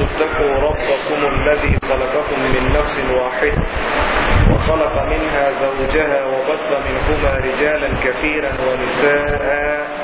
الناس اتقوا ربكم الذي خلقكم من نفس واحدة وخلق منها زوجها وبث منهما رجالا كثيرا ونساء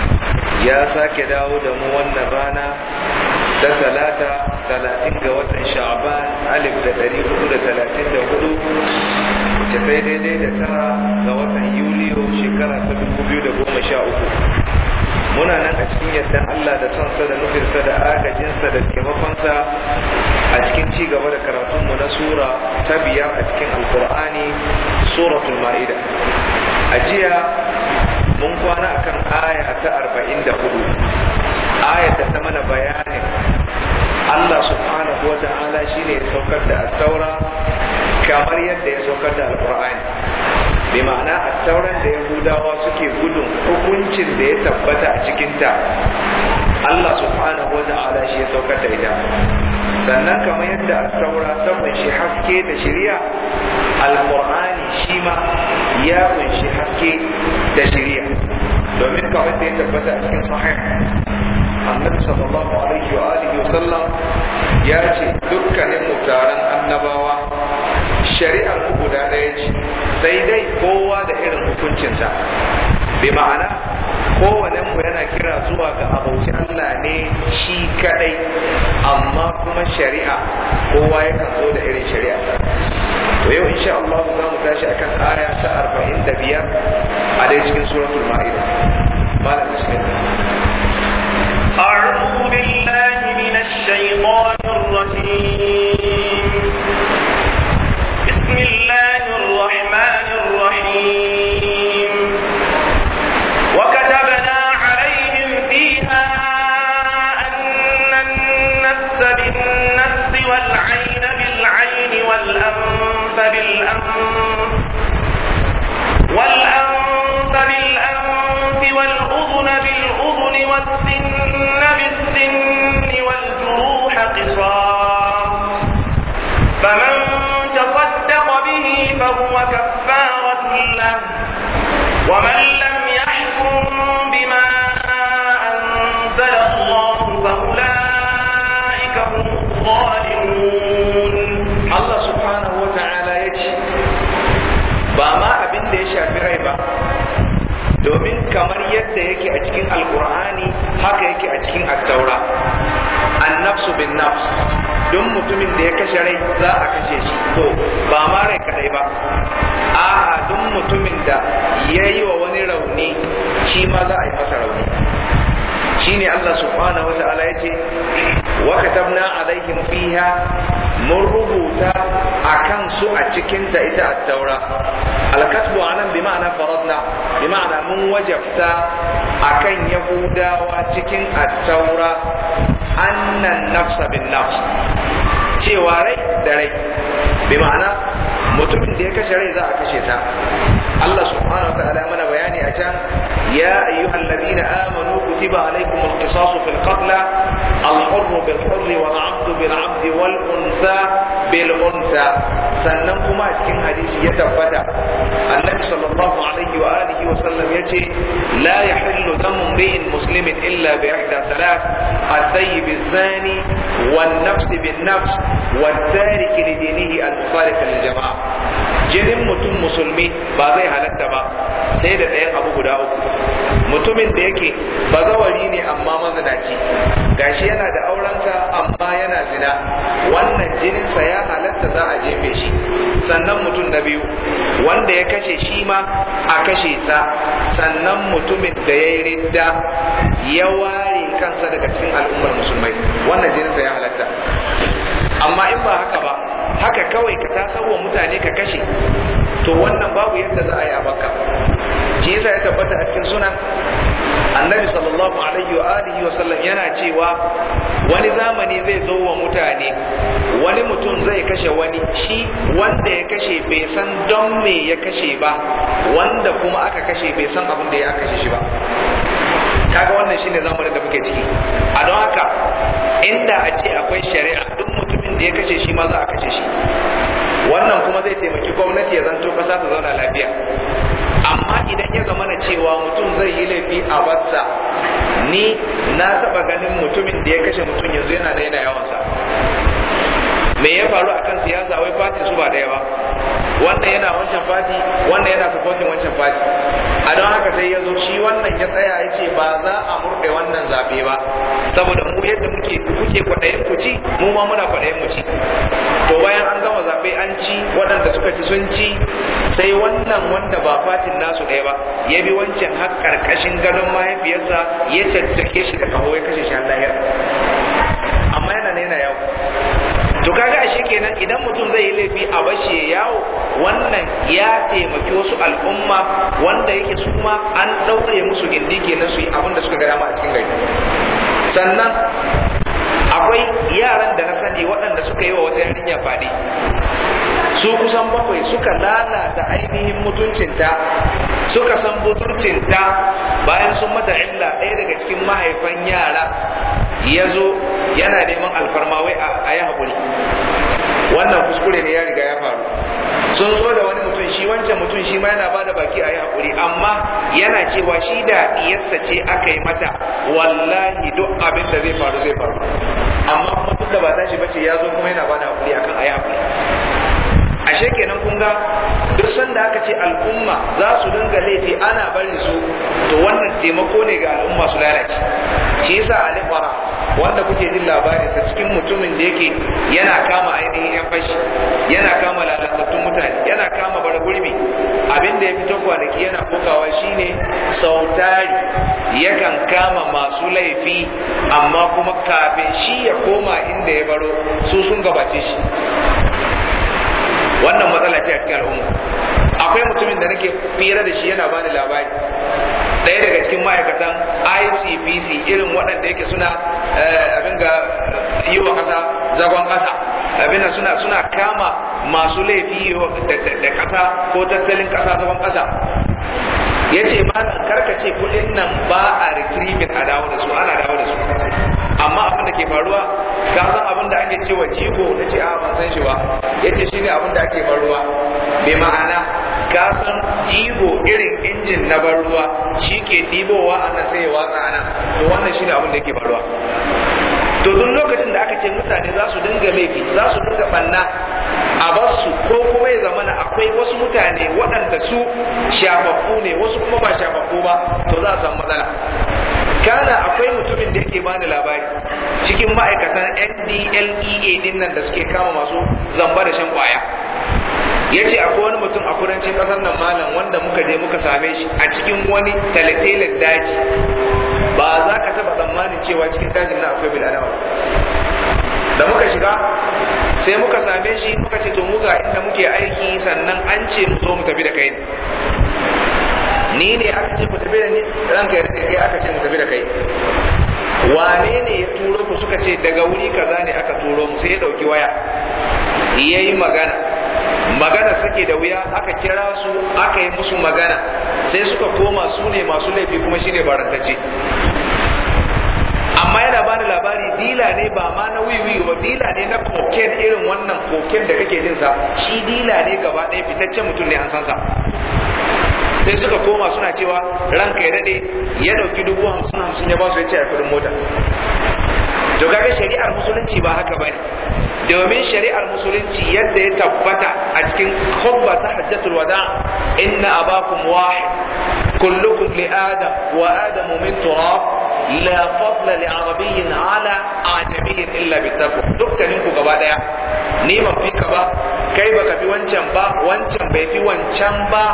ya sake dawo da mu wannan rana ta talata talatin ga watan sha'ban alif da ɗari hudu da talatin da hudu ta sai daidai da tara ga watan yuliyo shekara ta dubu biyu da goma sha uku muna nan a cikin yadda Allah da sonsa da nufinsa da agajinsa da taimakonsa a cikin ci gaba da karatunmu na sura ta biyar a cikin alkur'ani suratul ma'ida a jiya mun kwana akan aya ta arba'in da hudu aya ta mana bayanin Allah subhanahu wa ta'ala shine ya saukar da taura kamar yadda ya saukar da alqur'ani bi ma'ana at-taura da yahudawa suke gudun hukuncin da ya tabbata a cikinta Allah subhanahu wa ta'ala shi ya saukar da ita sannan kamar yadda at-taura saman shi haske da shirya alqur'ani shi ma ya kunshi haske da shirya domin kawai da ya tabbata a cikin sahih annabi sallallahu alaihi wa alihi wa sallam ya ce dukkanin mutaran annabawa shari'ar ku guda ɗaya ce sai dai kowa da irin hukuncinsa bi ma'ana kowannen mu yana kira zuwa ga abauci Allah ne shi kadai amma kuma shari'a kowa ya zo da irin shari'a to yau insha Allah za mu tashi akan aya ta 45 a dai cikin suratul ma'ida malam bismillah أعوذ بالله من الشيطان الرجيم والأنف بالأنف والأذن بالأذن والسن بالسن والجروح قصاص فمن تصدق به فهو كفارة له ومن لم يحكم بما أنزل الله فأولئك هم الظالمون الله سبحانه وتعالى يجي بما shafi rai ba domin kamar yadda yake a cikin alkur'ani haka yake a cikin attaura an nafsu bin nafs don mutumin da ya kashe rai za a kashe shi to ba ma rai kadai ba a'a don mutumin da ya yi wa wani rauni shi ma za a yi masa rauni shine Allah subhanahu wa ta'ala yace wa katabna alaihim fiha mun rubuta akan su a cikin ta ita at-taura al-katbu anan bi ma'ana faradna bi ma'ana mun wajabta akan yahudawa cikin at-taura annan nafsa bin nafs cewa rai da rai bi ma'ana mutumin da ya kashe rai za a kashe sa Allah subhanahu wa ta'ala mana bayani a can ya ayyuhal ladina amanu كتب عليكم القصاص في القتلى الحر بالحر والعبد بالعبد والانثى بالانثى سنكما اسكن حديث يتفتى النبي صلى الله عليه واله وسلم يجي لا يحل دم امرئ مسلم الا باحدى ثلاث الثيب الزاني والنفس بالنفس والتارك لدينه المفارق للجماعه جرم متو musulmi ba zai halatta ba sai da ɗayan abu guda uku mutumin da yake bazawari ne amma mazinaci gashi yana da aurensa amma yana zina wannan jininsa ya halatta za a jefe shi sannan mutum na biyu wanda ya kashe shi ma a kashe sa sannan mutumin da ya yi ridda ya ware kansa daga cikin al'ummar musulmai wannan jininsa ya halatta amma in ba haka ba haka kawai ka tasarwa mutane ka kashe to wannan babu yadda za a yi a baka ya tabbata a cikin suna, annabi sallallahu alaihi wa alihi wa sallam yana cewa wani zamani zai zo wa mutane wani mutum zai kashe wani shi wanda ya kashe bai san don me ya kashe ba wanda kuma aka kashe bai san abin da ya kashe shi ba kaga wannan shine zamanin da muke ciki a don haka inda a ce akwai shari'a duk mutumin da ya kashe shi ma za a kashe shi wannan kuma zai taimaki gwamnati ya zanto kasa ta zauna lafiya amma idan ya zama na cewa mutum zai yi laifi a barsa ni na taba ganin mutumin da ya kashe mutum yanzu yana da yana yawansa me ya faru akan siyasa wai fatin su ba da ba wannan yana wancan fati wannan yana sapokin wancan fati a don haka sai ya zo shi wannan ya tsaya ya zabe ba saboda mu yadda muke kuke kwaɗayin ku ci mu ma muna kwaɗayin mu ci to bayan an gama zabe an ci waɗanda suka ci sun ci sai wannan wanda ba fatin nasu ɗaya ba ya bi wancan har karkashin gadon mahaifiyarsa ya cancake shi da kaho ya kashe shi har lahira amma yana ne yana yawo to kaga ashe kenan idan mutum zai yi laifi a bashe yawo wannan ya taimaki wasu al'umma wanda yake su ma an ɗaure musu gindi kenan su yi abin da suka ga dama a cikin gari sannan akwai yaran da na sani waɗanda suka yi wa wata yarinya fadi su kusan bakwai suka lalata ainihin mutuncinta suka san mutuncinta bayan sun mata illa ɗaya daga cikin mahaifan yara ya zo yana neman alfarma wai a yi haƙuri wannan kuskure ne ya riga ya faru sun zo da wani mutum shi wancan mutum shi ma yana ba da baki a yi haƙuri amma yana cewa shi da iyarsa ce aka yi mata wallahi duk abin da zai faru zai faru amma kuma duk da ba ba ce ya zo kuma yana ba da haƙuri akan a yi haƙuri ashe kenan kun ga duk sanda aka ce al'umma za su dinga laifi ana barin su to wannan taimako ne ga al'umma su lalace shi yasa alifara wanda kuke jin labari ta cikin mutumin da yake yana kama ainihin yan fashi yana kama lalatattun mutane yana kama bar gurbi abin da ya fito kwanaki yana kokawa shine sautari yakan kama masu laifi amma kuma kafin shi ya koma inda ya baro su sun gabace shi wannan matsala ce a cikin al'umma akwai mutumin da nake fira da shi yana bani labari ɗaya daga cikin ma'aikatan ICPC irin waɗanda yake suna eh, abin ga yi wa ƙasa zagon ƙasa abin suna suna kama masu laifi da ƙasa ko tattalin ƙasa zagon ƙasa ya ce malam karkace kuɗin nan ba a retrieving a dawo da su ana dawo da su amma abin da ke faruwa ka san abin da ake cewa jigo na ce a ban san shi ba yace shine abin da ake faruwa bai ma'ana ka san jigo irin injin na ban ruwa shi ke ɗibowa a nan sai ya watsa to wannan shine abin da ke faruwa to duk lokacin da aka ce mutane za su dinga laifi za su dinga banna a basu ko kuma ya zamana akwai wasu mutane waɗanda su shafaffu ne wasu kuma ba shafafu ba to za a samu matsala kana akwai mutumin da yake bani labari cikin ma'aikatan ndlea din nan da suke kama masu zamba da shan kwaya ya ce akwai wani mutum a kudancin ƙasar nan malam wanda muka je muka same shi a cikin wani talatelin daji ba za ka taba tsammanin cewa cikin dajin na akwai bil adama da muka shiga sai muka same shi muka ce to muga inda muke aiki sannan an ce mu zo mu tafi da kai ni ne aka ce ku tafi da ni ranka ya kai aka ce mu tafi da kai wane ne ya turo ku suka ce daga wuri kaza ne aka turo mu sai ya dauki waya yayi magana magana suke da wuya aka kira su aka yi musu magana sai suka koma su ne masu laifi kuma shi ne barantacce amma yana ba da labari dila ne ba ma na wiwi ba dila ne na koken irin wannan koken da kake jinsa shi dila ne gaba ɗaya fitaccen mutum ne an san sa sai suka koma suna cewa ranka ya daɗe ya ɗauki dubu hamsin hamsin ya ba su ya ce a kudin mota to kaga shari'ar musulunci ba haka bane domin shari'ar musulunci yadda ya tabbata a cikin khutba ta hajjatul wada inna abakum wahid kullukum li adam wa adamu min turab لا فضل لعربي على أعجمي إلا بالتقوى dukkaninku gaba daya ni ban fi ka ba kai baka fi wancan ba wancan bai fi wancan ba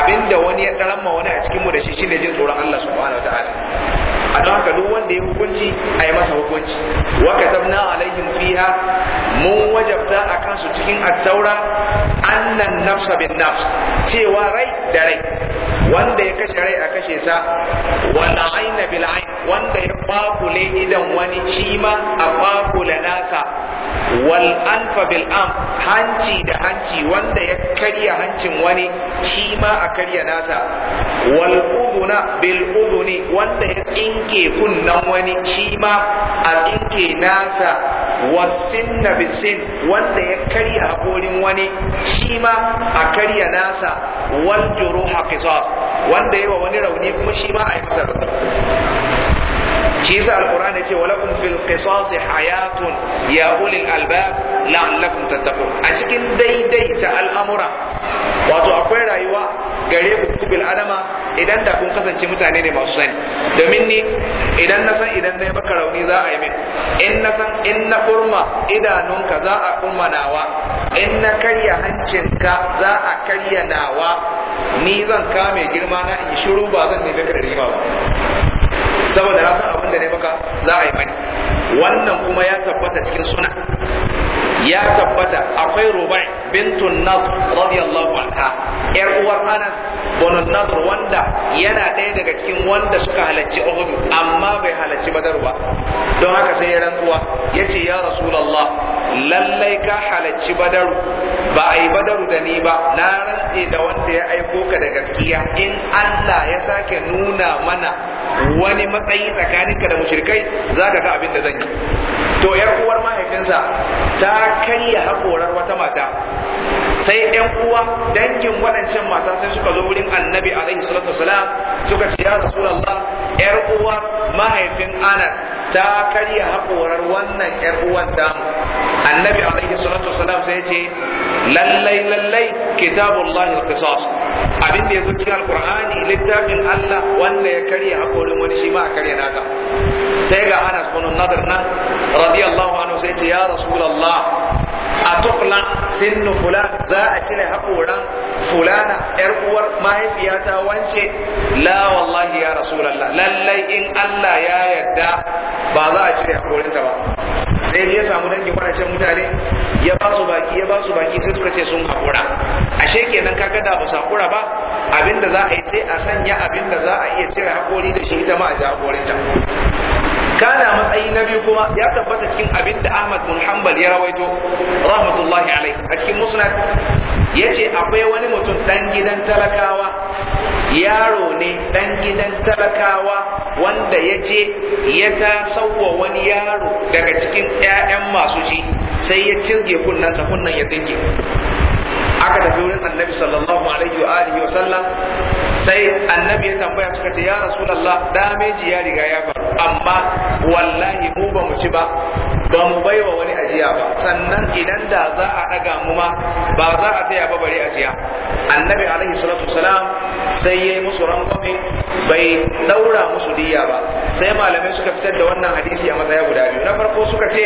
abinda wani ya tsaramma wani a cikin mu da shi shine jin tsoron Allah subhanahu wataala a don haka duk wanda ya hukunci a yi masa hukunci wa katabna alaihim fiha mun wajabta a kansu cikin attaura annan nafsa bin nafs cewa rai da rai wanda ya kashe rai a kashe sa wanda aina bil wanda ya kwakule idan wani shi ma a kwakule nasa wal anfa bil am hanci da hanci wanda ya karya hancin wani shi ma a karya nasa wal uduna bil uduni wanda ya tsinke kunnan wani shi ma a tsinke nasa wasin na bisin wanda ya karya haƙorin wani shi ma a karya nasa wal juruha qisas wanda yawa wani rauni kuma shi ma a yi masa shi yasa alqur'ani yace walakum fil qisas hayatun ya ulil albab la'allakum tattaqun a cikin daidaita al'amura wato akwai rayuwa gare ku bil adama idan da kun kasance mutane ne masu sani domin ni idan na san idan na yi rauni za a yi min in na san in na kurma idanunka za a kurma nawa in na karya hancinka za a karya nawa ni zan kame girma na in shiru ba zan nemi ka ba saboda na san abin da ne maka za a yi mani wannan kuma ya tabbata cikin suna ya tabbata akwai rubai bintun nasr radiyallahu anha yar uwar anas bin nasr wanda yana ɗaya daga cikin wanda suka halarci uhud amma bai halarci badar ba don haka sai ya rantsuwa yace ya rasulullah lallai ka halarci badaru ba a yi badaru da ni ba na rantse da wanda ya aiko ka da gaskiya in Allah ya sake nuna mana wani matsayi tsakaninka da mushrikai zaka ga abin da zan yi to yar uwar mahaifinsa ta karya haƙorar wata mata sai yan uwa dangin waɗancan mata sai suka zo wurin annabi alaihi salatu wasalam suka ce ya rasulullah yar uwa mahaifin anas ta karya haƙorar wannan ƴar uwan tamu annabi alaihi salatu wasalam sai ce lallai lallai kitabullahi alqisas abin da yazo cikin alqur'ani littafin Allah wanda ya karya haƙorin wani shi ma a karya nasa. sai ga Anas bin Nadir nan radiyallahu anhu sai ce ya rasulullah a tukla sinnu fula za a cire haƙoran fulana yar uwar mahaifiyata wance la wallahi ya rasulallah lallai in Allah ya yarda ba za a cire haƙorin ta ba sai ya samu dangin wadancan mutane ya ba su baki ya ba su baki sai suka ce sun haƙura ashe kenan ka da ba su ba abinda za a yi sai a sanya abinda za a iya cire haƙori da shi ita ma a ji ta. kana matsayi na biyu kuma ya tabbata cikin abinda da Ahmad ya rawaito rahmatullahi alaihi a cikin musnad yace akwai wani mutum ɗan gidan talakawa yaro ne ɗan gidan talakawa wanda ya je ya tasawwa wani yaro daga cikin 'ya'yan masu shi sai ya cirge kunnansa kunnan ya dinge aka tafi wurin annabi sallallahu alaihi wa wa sallam sai annabi ya tambaya suka ce ya rasulullah dameji ya riga ya faru amma wallahi mu ba mu ci ba ba mu baiwa wani ajiya ba sannan idan da za a daga mu ma ba za a taya ba bari ajiya annabi alaihi salatu salam sai yayi musu rangwame bai daura musu diya ba sai malamai suka fitar da wannan hadisi a matsaya guda biyu na farko suka ce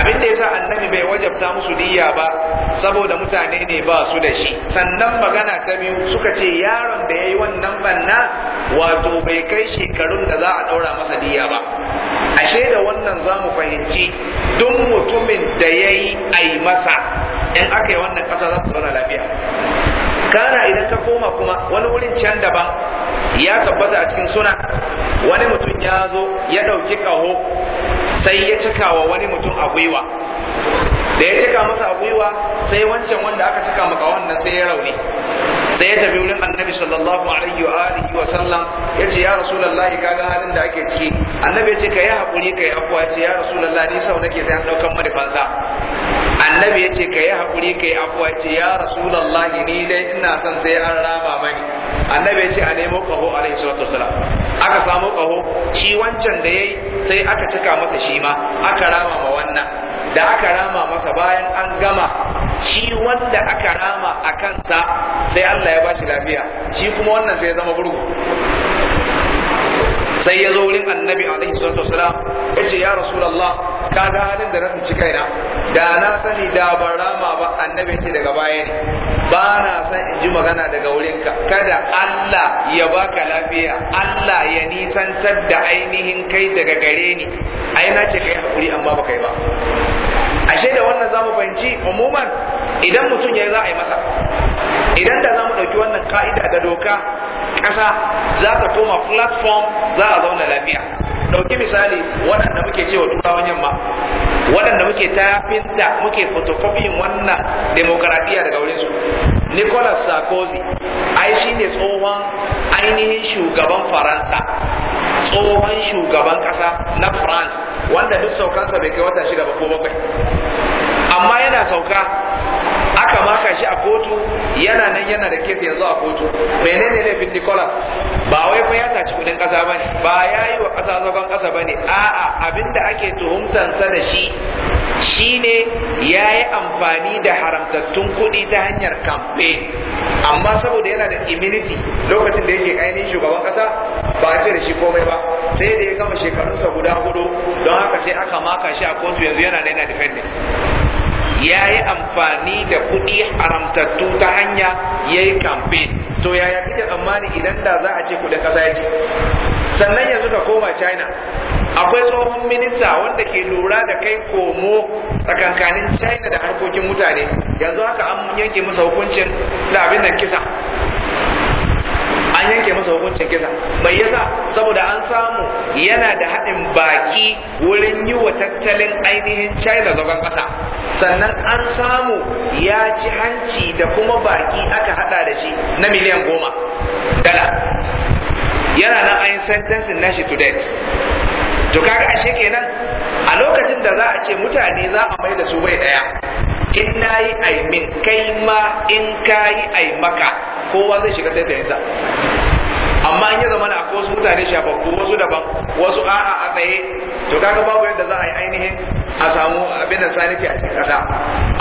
abin da yasa annabi bai wajabta musu diyya ba saboda mutane ne ba su da shi sannan magana ta biyu suka ce yaron da yayi wannan banna wato bai kai shekarun da za a daura masa diyya ba ashe da wannan za mu fahimci duk mutumin da yayi ai masa in aka yi wannan kasa za su zauna lafiya kana idan ka koma kuma wani wurin can daban ya tabbata a cikin suna wani mutum ya zo ya ɗauki ƙaho sai ya cika wa wani mutum a gwiwa da ya cika masa a gwiwa sai wancan wanda aka cika maka wannan sai ya rauni sai ya tafi wurin annabi sallallahu alaihi wa alihi wa sallam ya ce ya ka ga halin da ake ciki annabi ya ce ka yi haƙuri ka yi afuwa ya ce ya rasulullahi ni sau nake sai an ɗaukan mu da fansa annabi ya ce ka yi haƙuri ka yi afuwa ce ya rasulallahi ni dai ina son sai an rama mani annabi ya ce a nemo ƙaho alaihi salatu wasalam aka samu ƙaho shi wancan da yayi sai aka cika masa shi ma aka rama ma wannan da aka rama masa bayan an gama shi wanda aka rama a kansa sai Allah ya bashi lafiya shi kuma wannan sai ya zama gurgu sai ya zo wurin annabi alaihi salatu wasalam ya ce ya rasulullah ka ga halin da na tsinci kaina da na sani da ban rama ba annabi ya ce daga baya ne ba na san in ji magana daga wurin ka. kada Allah ya baka lafiya Allah ya nisantar da ainihin kai daga gare ni ai na ce kai hakuri amma ba kai ba ashe da wannan zamu fahimci umuman idan mutum ya za a yi masa idan da zamu ɗauki wannan ka'ida da doka ƙasa za ka koma platform za a zauna lafiya dauki misali waɗanda muke cewa turawan yamma waɗanda muke tafinta muke photocopying wannan demokaradiyya daga wurin su Nicolas Sarkozy ai shi ne tsohon ainihin shugaban Faransa tsohon shugaban ƙasa na France wanda duk saukansa bai kai wata shida ba ko bakwai amma yana sauka aka maka shi a kotu yana nan yana da kesi yanzu a kotu menene laifin kola? ba wai fa ya taci kudin kasa bane ba ya yi wa kasa zagon kasa bane a'a abinda ake tuhumtansa da shi shine ya yi amfani da haramtattun kuɗi ta hanyar kamfe amma saboda yana da immunity lokacin da yake ainihin shugaban kasa ba ce da shi komai ba sai da ya gama shekarunsa guda hudu don haka sai aka maka shi a kotu yanzu yana da yana defending ya yi amfani da kuɗi haramtattu ta hanya ya yi kamfe to yaya kake tsammani idan da za a ce kuɗin ƙasa ya ce sannan yanzu ka koma china akwai tsohon minista wanda ke lura da kai komo tsakankanin china da harkokin mutane yanzu haka an yanke masa hukuncin da abin nan kisa an yanke masa hukuncin kisa mai yasa saboda an samu yana da haɗin baki wurin yi wa tattalin ainihin china zagon ƙasa sannan an samu ya ci hanci da kuma baki aka haɗa da shi na miliyan goma dala yana nan an nashi to death to kaga ashe kenan a lokacin da za a ce mutane za a mai da su bai ɗaya in na yi aimin kai ma in ka yi aimaka kowa zai shiga taitayinsa amma in ya zama na akwai wasu mutane shafafu wasu daban wasu a'a a tsaye to kaga babu yadda za a yi ainihin a samu abin da sanifi a cikin kasa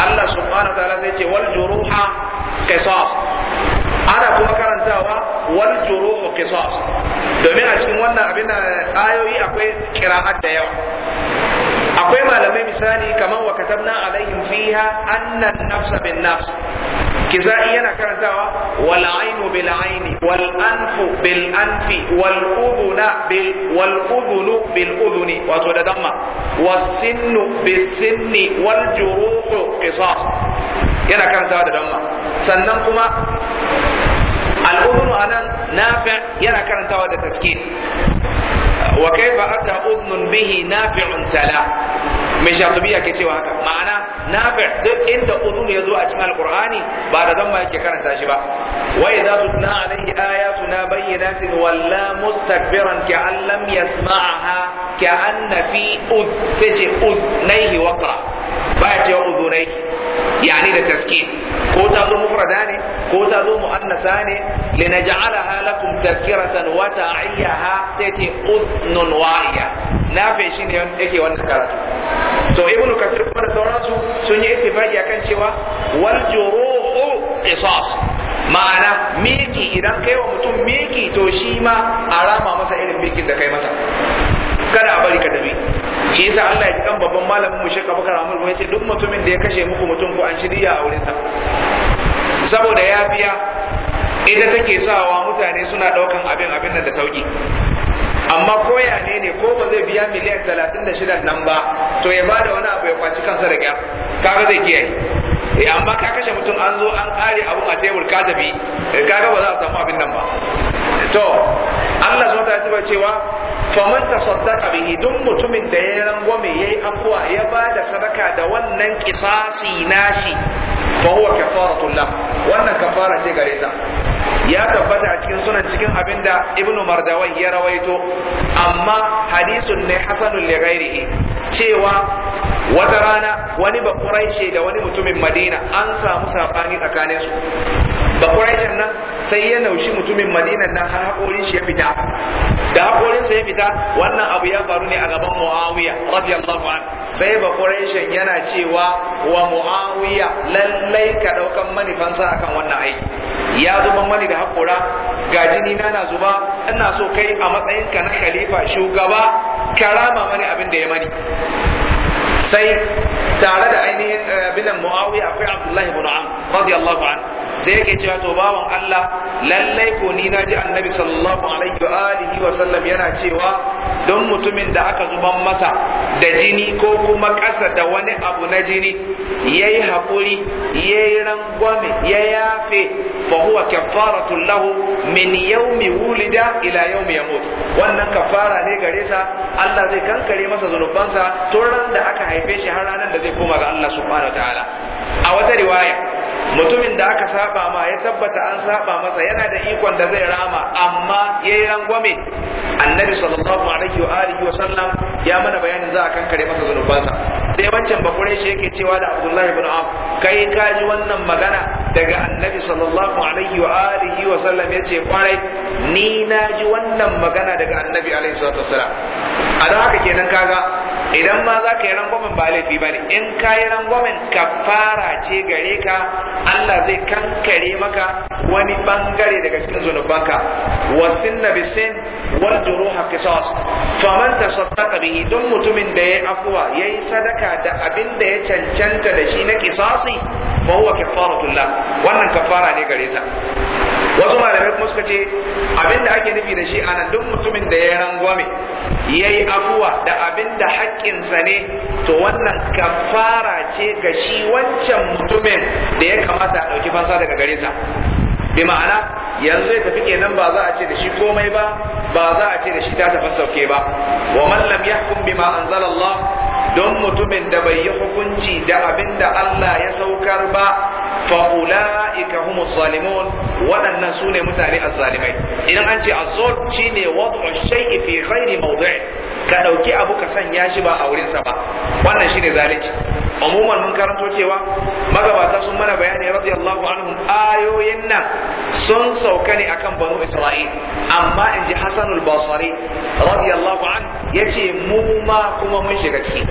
Allah subhanahu wa ta'ala sai ce wal juruha qisas ana kuma karantawa wal juruhu qisas domin a cikin wannan abin da ayoyi akwai qira'at da yawa akwai malamai misali kamar wa katabna alaihim fiha anna an-nafs bin nafs kizai yana karantawa wal ainu bil aini wal anfu bil anfi wal udhuna bil wato da damma was sinnu karantawa da damma sannan kuma al anan nafi yana karantawa da taskin wa kaifa ata udnun bihi nafi'un tala mai shatubiya ke cewa haka ma'ana nafi' duk inda udun ya zo a cikin alqur'ani ba da zan ma yake karanta shi ba wa idza tutla alayhi ayatuna bayyinatin walla mustakbiran ka'an lam yasma'aha ka'an fi ud sai ce udnaihi waqra ba ya cewa udunai yani da taskid ko ta zo mufrada ne ko ta zo mu'annasa ne linaj'alaha lakum tadhkiratan wa ta'iyaha sai ce udnun wa'iya na fe shi ne yake wannan karatu to ibnu kasir kuma da sauransu sun yi ittifaqi akan cewa wal juruhu qisas ma'ana miki idan kai wa mutum miki to shi ma a rama masa irin mikin da kai masa kada a bari ka dabi shi yasa Allah ya ji kan babban malamin mu Sheikh Abubakar Ahmad ya ce duk mutumin da ya kashe muku mutum ko an shirya a wurin sa saboda ya biya ita take sawa mutane suna daukan abin abin nan da sauki amma ko ya ne ne ko ba zai biya miliyan 36 nan ba to ya bada wani abu ya kwaci kansa da kyar kaga zai kiyaye eh amma ka kashe mutum an zo an kare abun a tebur ka tafi eh, kaga ba za a samu abin nan ba to Allah zo ta ce ba cewa fa man tasaddaqa bihi duk mutumin da ya rangwame yayi afwa ya bada sadaka da wannan kisasi nashi fa huwa kafaratun lahu wannan kafara ce gare sa ya tabbata a cikin sunan cikin abin da ibnu mardawai ya rawaito amma hadisun ne hasanun li ghairihi cewa wata rana wani bakuraishe da wani mutumin madina an samu sabani tsakanin su bakuraishen nan sai ya naushi mutumin madina nan har hakorin shi ya fita da hakorin sa ya fita wannan abu ya faru ne a gaban muawiya radiyallahu anhu sai bakuraishen yana cewa wa muawiya lallai ka daukan sa akan wannan aiki ya zuba mani da hakora ga jini na na zuba ina so kai a matsayinka na khalifa shugaba karama mani abin da ya mani سيد تعالى عيني آه، بن معاويه اخي عبد الله بن عمرو رضي الله عنه sai yake cewa to bawan Allah lallai ko ni ji annabi sallallahu alaihi wa alihi wa sallam yana cewa don mutumin da aka zuban masa da jini ko kuma ƙasa da wani abu na jini yayi hakuri yayi rangwame ya yafe fa huwa kafaratun lahu min yawmi wulida ila yawmi yamut wannan kafara ne gare sa Allah zai kankare masa zunubansa tun ran da aka haife shi har ranar da zai koma ga Allah subhanahu wa ta'ala a wata riwaya mutumin da aka saba ma ya tabbata an saba masa yana da ikon da zai rama amma yayi rangwame annabi sallallahu alaihi wa alihi wa sallam ya mana bayanin za a kankare masa zunubansa sai wancan bakwai shi yake cewa da abdullahi ibn Auf kai ka ji wannan magana daga annabi sallallahu alaihi wa alihi wa sallam yace kwarai ni na ji wannan magana daga annabi alaihi salatu wasallam a don haka kenan kaga idan ma za ka yi rangwamen ba laifi ba ne in ka yi rangwamen ka fara ce gare ka Allah zai kankare maka wani bangare daga cikin zunubanka wasin bisin wal juruha qisas faman tasaddaqa bihi don mutumin da afuwa ya yi sadaka da abin da ya cancanta da shi na qisasi fa huwa kafaratul wannan kafara ne gare sa wasu malamai kuma suka ce abin da ake nufi da shi anan duk mutumin da ya rangwame ya yi abuwa da abin da haƙƙinsa ne to wannan kafara ce ga shi wancan mutumin da ya kamata a ɗauki fansa daga gare sa bi ma'ana yanzu ya tafi kenan ba za a ce da shi komai ba ba za a ce da shi ta tafi sauke ba wa man lam yahkum bima anzalallah don mutumin da bai yi hukunci da abin da Allah ya saukar ba fa ulaika humu zalimun waɗannan su ne mutane azzalimai idan an ce shi ne wad'u shay'i fi ghairi mawdi'i ka ɗauki abu ka sanya shi ba a wurin sa ba wannan shine zalunci umuman mun karanto cewa magabata sun mana bayani radiyallahu anhum ayoyin nan sun sauka ne akan banu isra'il amma in ji hasanul basri radiyallahu an yace mu ma kuma mun shiga ciki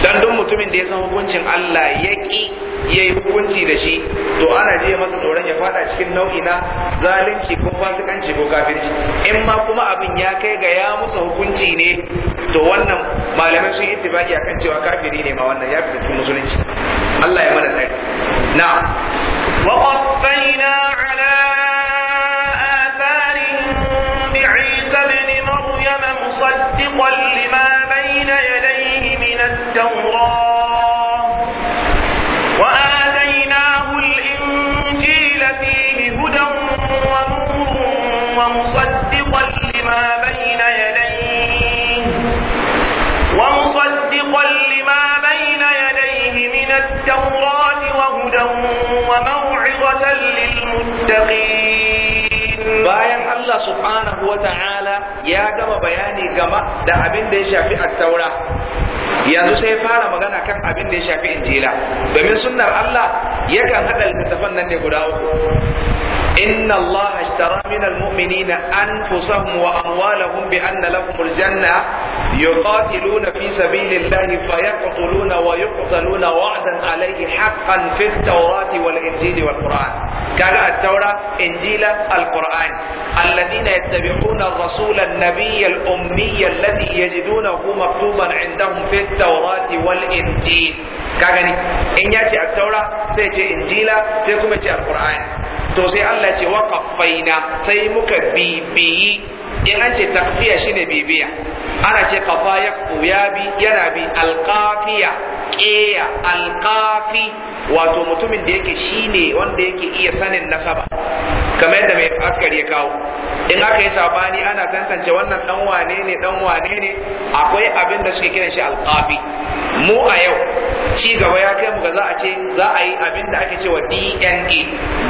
dan don mutumin da ya san hukuncin Allah ya ki ya yi hukunci da shi to ana je masa tsoron ya fada cikin nau'i na zalunci ko fasikanci ko kafirci in ma kuma abin ya kai ga ya musa hukunci ne to wannan malamai sun ittifaki akan cewa kafiri ne ma wannan ya fi cikin musulunci Allah ya mana tsari wa qaffayna ala atharin bi'isa ibn maryam musaddiqan lima bayna yadayhi من التوراة وآتيناه الإنجيل فيه هدى ونور ومصدقا لما بين يديه ومصدقا لما بين يديه من التوراة وهدى وموعظة للمتقين bayan Allah subhanahu wa ta'ala ya gama bayani gama da abin da التوراة yanzu sai fara magana kan abin da ya shafi injila domin sunnar Allah yakan hada littattafan nan ne guda uku inna Allah ashtara min almu'minina anfusahum wa amwalahum bi anna lahum aljanna yuqatiluna fi sabilillahi fayaqtuluna wa yuqtaluna wa'dan alayhi haqqan fit tawrati wal injili wal qur'an kaga at-taura injila al-qur'an alladhina yattabi'una ar-rasul an-nabiy al-ummiy alladhi yajidunahu maktuban 'indahum fi at-taurati wal-injil kaga in ya ce at-taura sai ce injila sai kuma ce al-qur'an to sai Allah ce wa qaffaina sai muka bibiyi in an ce takfiya shine bibiya ana ce kafa qafa ya bi yana bi al Ƙeya alƙafi wato mutumin da yake shine wanda yake iya sanin nasaba kamar yadda mai askari ya kawo in aka yi sabani ana tantance wannan dan wane ne dan wane ne akwai abin da suke kiran shi alkafi mu a yau ci gaba ya kai mu ga za a ce za a yi abin da ake cewa DNA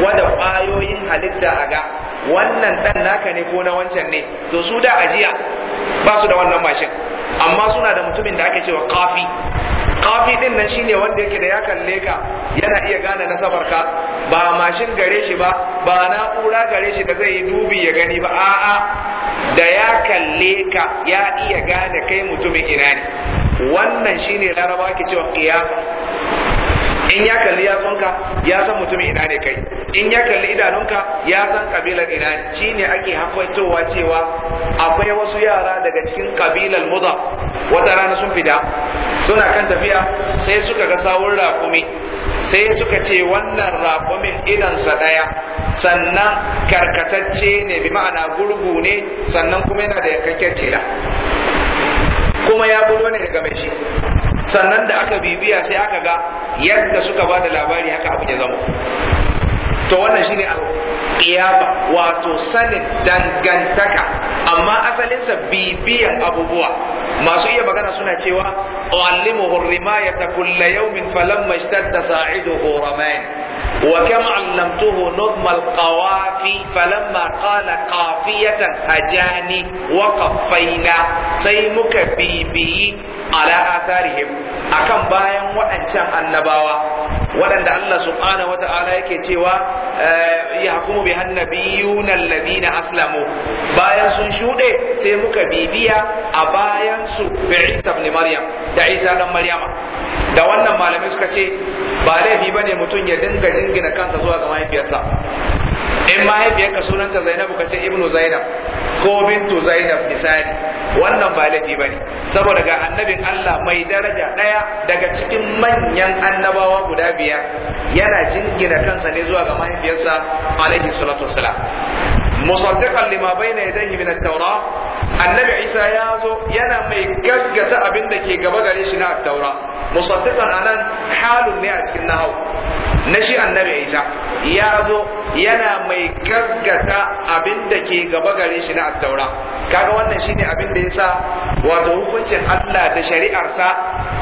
wanda kwayoyin halitta a ga wannan dan naka ne ko na wancan ne to su da ajiya ba su da wannan mashin amma suna da mutumin da ake cewa kafi kafi din nan shine wanda yake da ya kalle ka yana iya gane nasabar ka ba mashin gare shi ba ba na'ura gare shi da zai yi dubi ya gani ba a'a da ya kalle ka ya iya gane kai mutumin ina ne wannan shine laraba ke cewa qiyafa in ya kalli yatsunka ya san mutumin ina ne kai in ya kalli idanunka ya san kabilar ina ne ake hafaitowa cewa akwai wasu yara daga cikin kabilar mudaf wata rana sun fida suna kan tafiya sai suka ga sawun raƙumi sai suka ce wannan raƙumin idansa ɗaya sannan karkatacce ne bi ma'ana gurgu ne sannan kuma yana da yankakken kuma ya gudu ne daga mai shi sannan da aka bibiya sai aka ga yadda suka ba da labari haka abu ya zama to wannan shine al qiyaba wato sanin dangantaka amma asalin sa bibiyan abubuwa masu iya magana suna cewa uallimuhu rimayata kulla yawmin falamma ishtadda sa'iduhu ramain wa kam allamtuhu nudma alqawafi falamma qala qafiyatan hajani wa qaffaina sai muka bibiyi ala atharihim akan bayan waɗancan annabawa waɗanda Allah subhanahu wata'ala yake cewa eh, ya hukumu bi hannabiyun alladhina aslamu bayan sun shuɗe sai muka bibiya a bayan su bi Isa ibn Maryam da Isa dan Maryama da wannan malamai suka ce ba laifi bane mutum ya dinga dingina kansa zuwa ga mahaifiyarsa in mahaifiyarka sunanta zainabu ka ce ibnu zainab ko bintu zainab misali wannan ba laifi bane saboda ga annabin Allah mai daraja daya daga cikin manyan annabawa guda biyar yana jingina kansa ne zuwa ga mahaifiyarsa alaihi salatu wassalam musaddiqan lima bayna yadayhi min at-taura annabi isa ya zo yana mai gaggata abin da ke gaba gare shi na taura musaddiqan anan halun ne a cikin nahawu na shi annabi isa ya zo yana mai gaggata abin da ke gaba gare shi na at-taura kaga wannan shine abin da ya sa wato hukuncin Allah da shari'arsa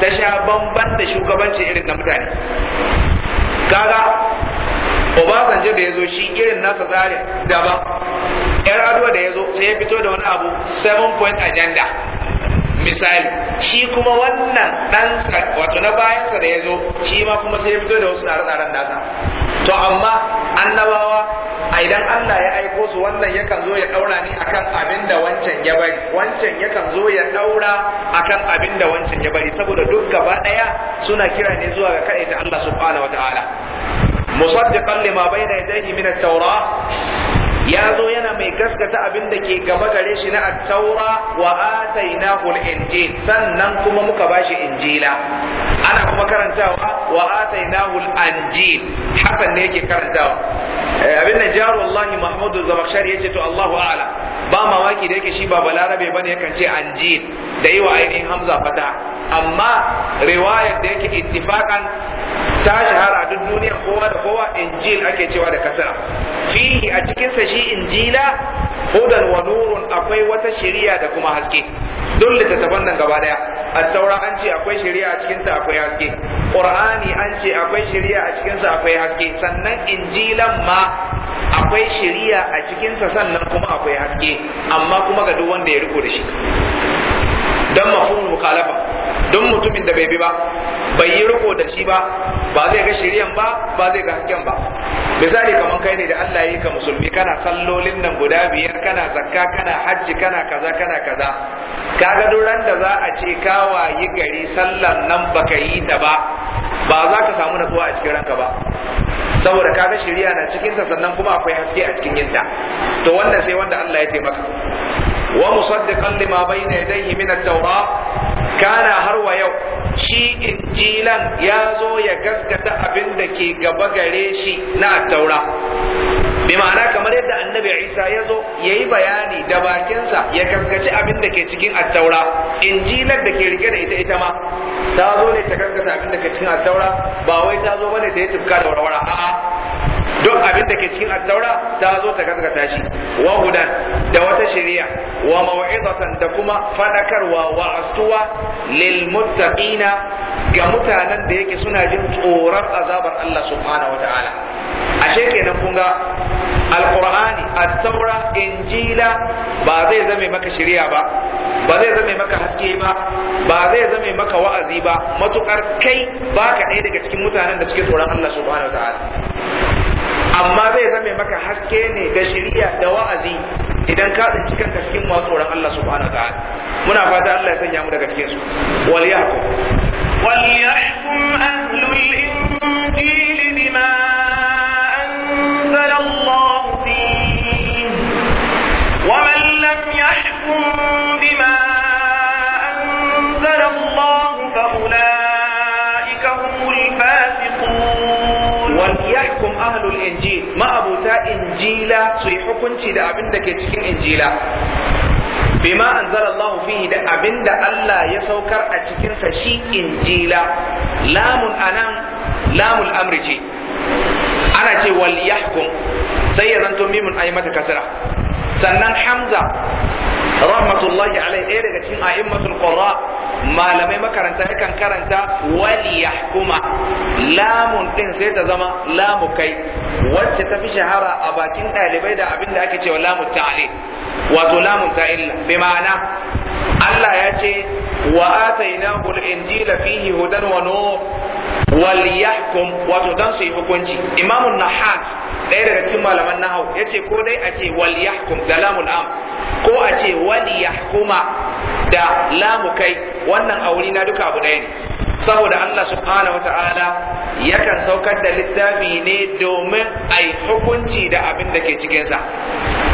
ta sha bamban da shugabanci irin na mutane kaga Obasanjo da ya zo shi irin nasa tsarin daban yar aduwa da ya zo sai ya fito da wani abu seven point agenda misali shi kuma wannan ɗansa wato na bayansa da ya zo shi ma kuma sai ya fito da wasu tsare-tsaren nasa to amma annabawa a idan Allah ya aiko su wannan yakan zo ya daura ne akan abin da wancan ya bari wancan yakan zo ya daura akan abin da wancan ya bari saboda duk gaba ɗaya suna kira ne zuwa ga kaɗai ta Allah wa ta'ala. musaddiqan lima bayna yadayhi min at-taura ya zo yana mai gaskata abin da ke gaba gare shi na at-taura wa atainahu sannan kuma muka bashi injila ana kuma karantawa wa atainahu Hassan anjil hasan ne yake karantawa Eh, abin nan jarullahi mahmudu ya ce to Allahu a'ala ba mamaki da yake shi ba balarabe bane yakan ce anjin da yi wa ainihin hamza fata amma riwayar da yake ittifakan ta shahara duk duniya kowa da kowa injil ake cewa da kasara fihi a cikin sa shi injila hudan wa nurun akwai wata shari'a da kuma haske duk littattafan nan gaba daya at-taura an ce akwai shari'a a cikin ta akwai haske qur'ani an ce akwai shari'a a cikin sa akwai haske sannan injilan ma akwai shari'a a cikin sa sannan kuma akwai haske amma kuma ga duk wanda ya riko da shi dan mafhumul mukhalafa don mutumin da bai bi ba bai yi riko da shi ba ba zai ga shiryan ba ba zai ga hakken ba misali kamar kai ne da Allah yi ka musulmi kana sallolin nan guda biyar kana zakka kana hajji kana kaza kana kaza kaga duran da za a ce ka wayi gari sallan nan baka yi ta ba ba za ka samu natsuwa a cikin ranka ba saboda kaga shirya na cikin sannan kuma akwai haske a cikin yinta to wannan sai wanda Allah ya taimaka ومصدقا لما بين يديه من Kana har wa يوم shi injilan ya zo ya gaskata abin da ke gaba gare shi na taura bi ma'ana kamar yadda annabi isa ya zo ya yi bayani da bakinsa ya gaskaci abin da ke cikin attaura injilar da ke rike da ita ita ma ta zo ne ta gaskata abin da ke cikin attaura ba wai ta zo bane da ya tufka da warwara a'a duk abin da ke cikin attaura ta zo ta gaskata shi wa hudan da wata shari'a wa maw'izatan da kuma fadakarwa wa astuwa lil muttaqina ga mutanen da yake suna jin tsoron azabar Allah subhanahu wataala ashe kenan kun ga alqur'ani at-taura injila ba zai zame maka shari'a ba ba zai zame maka haske ba ba zai zame maka wa'azi ba matukar kai baka ɗaya daga cikin mutanen da suke tsoron Allah subhanahu wataala amma zai zame maka haske ne da shari'a da wa'azi idan ka tsinci kanka cikin masu tsoron Allah subhanahu wa ta'ala muna fata Allah ya sanya mu daga cikin su wal yahkum wal yahkum ahlul injil bima anzalallahu ahlul injil ma'abuta injila su yi hukunci da abin da ke cikin injila bima anzalallahu fihi da abin da Allah ya saukar a cikinsa shi injila lamun anan lamul amri ce ana ce wal yahkum sai ya zanto mimun ayi mata kasra sannan hamza rahmatullahi alai ɗaya daga cikin a'immatul qurra malamai makaranta yakan karanta wali yahkuma lamun din sai ta zama lamu kai wacce ta fi shahara a bakin ɗalibai da abin da ake cewa lamu ta'ali wato lamun ta'illa bi ma'ana Allah ya ce wa atainahu al-injila fihi hudan wa nur wal yahkum wato dan su yi hukunci imamun nahas ɗaya daga cikin malaman nahau yace ko dai a ce wal yahkum da lamul am ko a ce wali ya da lamu kai wannan auri na duka abu ɗaya ne saboda Allah subhanahu wa ta'ala yakan saukar da littafi ne domin a yi hukunci da abin da ke cikinsa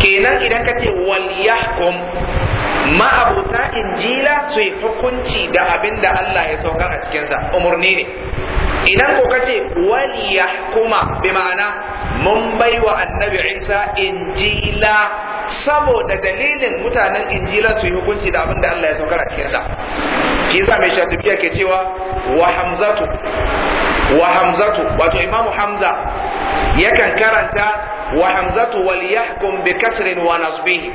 kenan idan ka ce wal yahkum ma'abuta injila su yi hukunci da abin da Allah ya saukar a cikinsa umarni ne idan ko kace wal yahkuma bi ma'ana mun baiwa annabi Isa injila saboda dalilin mutanen injila su yi hukunci da abin da Allah ya saukar a kinsa ki sa mai shatubiya ke cewa wa hamzatu wa hamzatu wato imamu hamza yakan karanta wa hamzatu wal yahkum bi kasrin wa nasbihi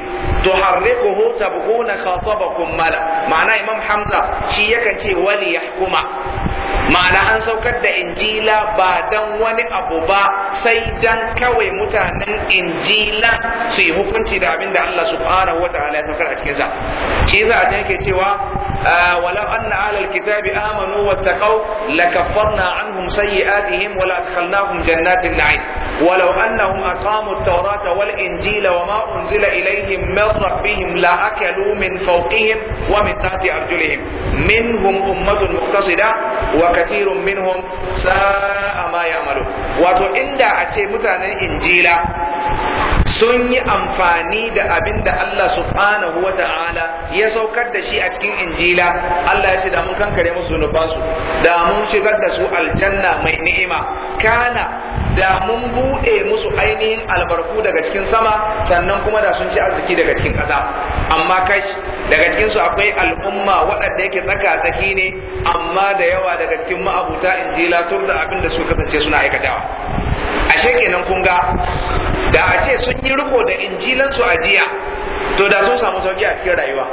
tuharrikuhu ba khatabakum mala ma'ana imam hamza shi yakan ce ya yahkuma ma'ana an saukar da injila ba dan wani abu ba sai dan kawai mutanen injila su yi hukunci da abin da Allah subhanahu wataala ya saukar a cikin sa shi yasa a cewa ah, walau na ahlal kitabi amanu wattaqau lakaffarna anhum sayyi'atihim wa adkhalnahum jannatin na'im ولو أنهم أقاموا التوراة والإنجيل وما min إليهم من ربهم لأكلوا من فوقهم ومن تحت أرجلهم منهم أمة مقتصدة wa kathirun minhum sa'a ma ya'malu wato inda a ce mutanen injila sun yi amfani da abin da Allah subhanahu wa ta'ala ya saukar da shi a cikin injila Allah ya ce da mun kankare musu zunubansu da mun shigar da su aljanna mai ni'ima kana da mun buɗe musu ainihin albarku daga cikin sama sannan kuma da sun ci arziki daga cikin ƙasa amma kai daga cikin su akwai al'umma waɗanda yake tsaka tsaki ne amma da yawa daga cikin ma'abuta injila tur da abin su kasance suna aikatawa ashe kenan kun ga da a ce sun yi riko da injilan su ajiya to da sun samu sauki a cikin rayuwa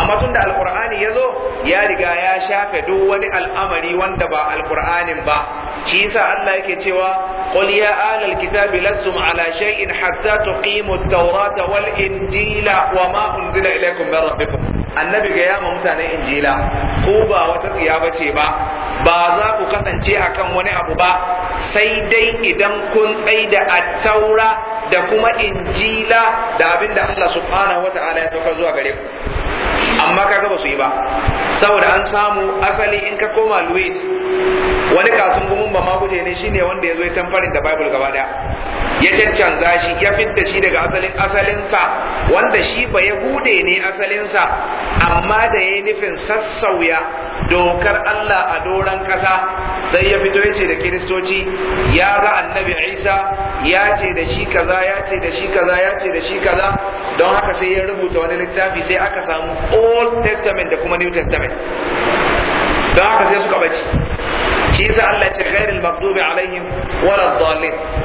amma da alqur'ani ya zo ya riga ya shafe duk wani al'amari wanda ba alqur'anin ba shi yasa Allah yake cewa قل يا آل الكتاب لستم على شيء حتى تقيموا التوراة والإنجيل وما أنزل إليكم من ربكم annabi ga yama mutanen injila ku ba wata tsiya bace ba ba za ku kasance akan wani abu ba sai dai idan kun tsaida at-taura da kuma injila da abinda Allah subhanahu wataala ya sauka zuwa gare ku amma kaga ba su yi ba saboda an samu asali in ka koma Louis wani kasun gumin ba ma guje ne shine wanda ya zo ya tamfarin da Bible gaba daya ya caccanza shi ya fitta shi daga asalin asalinsa wanda shi ba ya bude ne asalinsa amma da ya nufin sassauya dokar Allah a doron kasa sai ya fito yace da kiristoci ya ga annabi Isa ya ce da shi kaza ya ce da shi kaza ya ce da shi kaza don haka sai ya rubuta wani littafi sai aka samu Old Testament da kuma New Testament don haka sai suka bace shi yasa Allah ya ce ghairil maghdubi alaihim walad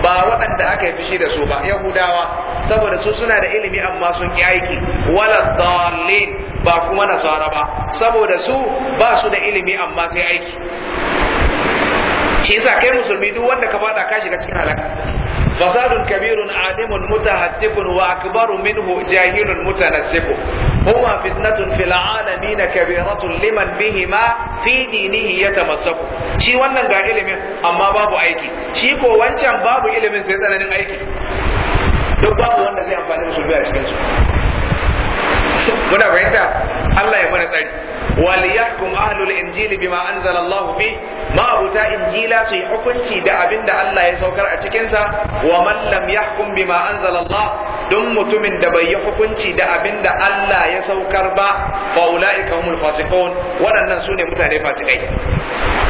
ba waɗanda aka yi fushi da su ba yahudawa saboda su suna da ilimi amma sun ki aiki wala dallin ba kuma nasara ba saboda su ba su da ilimi amma sai aiki shi yasa kai musulmi duk wanda ka fada ka shiga cikin halaka fasadun kabirun alimun mutahaddifun wa akbaru minhu jahilun mutanassifu هو فتنة في العالمين كبيرة لمن بهما في دينه يتمسك شي wannan ga ilimin amma babu aiki shi ko wancan babu ilimin sai tsananin aiki duk babu wanda zai amfani da su biya cikin su muna fahimta Allah ya mana tsari wal yahkum ahlul injili bima anzala Allah fi ma'abuta injila su yi hukunci da abin da Allah ya saukar a cikinsa wa man lam yahkum bima anzalallah duk mutumin da bai yi hukunci da abin da Allah ya saukar ba fa ulaika humul fasiqun waɗannan sune mutane fasikai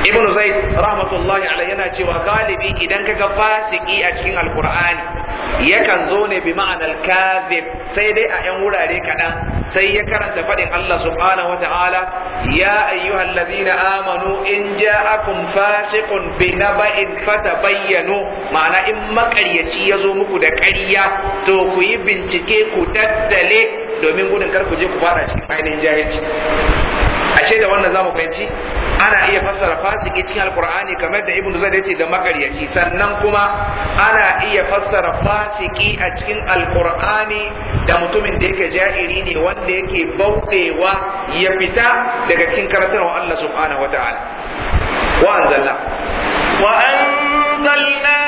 ibnu zaid rahmatullahi alaihi yana cewa galibi idan kaga fasiki a cikin alqur'ani yakan zo ne bi ma'anar kazib sai dai a yan wurare kaɗan sai ya karanta faɗin Allah subhanahu wata'ala ya ayyuhal ladina amanu in ja'akum fasiqun bi naba'in fatabayyanu ma'ana in makaryaci ya zo muku da ƙarya to ku yi bincike ku daddale domin gudun kar ku je ku fara cikin ainihin jahilci ashe da wannan zamu fahimci ana iya fassara fasiki cikin alkur'ani kamar da ibnu zaid yace da makaryaci sannan kuma ana iya fassara fasiki a cikin alkur'ani da mutumin da yake ja'iri ne wanda yake bauɗewa ya fita daga cikin karatarwa Allah subhanahu wata'ala wa anzalna wa anzalna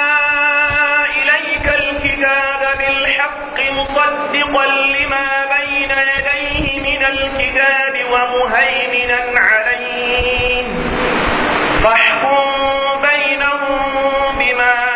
ilayka alkitaba bil haqqi musaddiqan lima bayna yadayhi من الكتاب ومهيمنا عليه فاحكم بينهم بما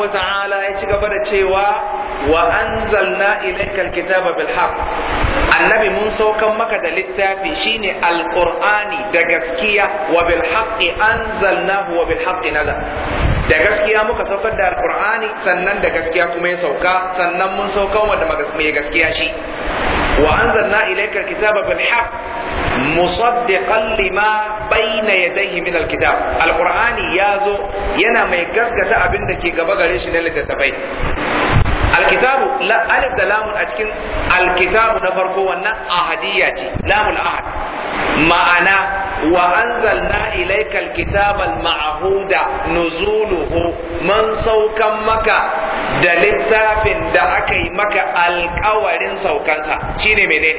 subhanahu wata'ala ya ci gaba da cewa wa anzalna ilaikal kitaba bil haqq annabi mun saukan maka da littafi shine alqur'ani da gaskiya wa bil haqqi anzalnahu wa bil nazal da gaskiya muka saukar da alqur'ani sannan da gaskiya kuma ya sauka sannan mun saukan wanda mai gaskiya shi وأنزلنا إليك الكتاب بالحق مصدقا لما بين يديه من الكتاب القرآن يازو ينا ما يكسكتا أبندك يقبغ ليش نلت تفايت الكتاب لا ألف دا لام أتكن الكتاب نفرقو وانا أهدية لام الأهد ma'ana وأنزلنا إليك الكتاب المعهود نزوله من سوكا مكة دلتا فين دا أكي مكة القوارين سوكا شيني منين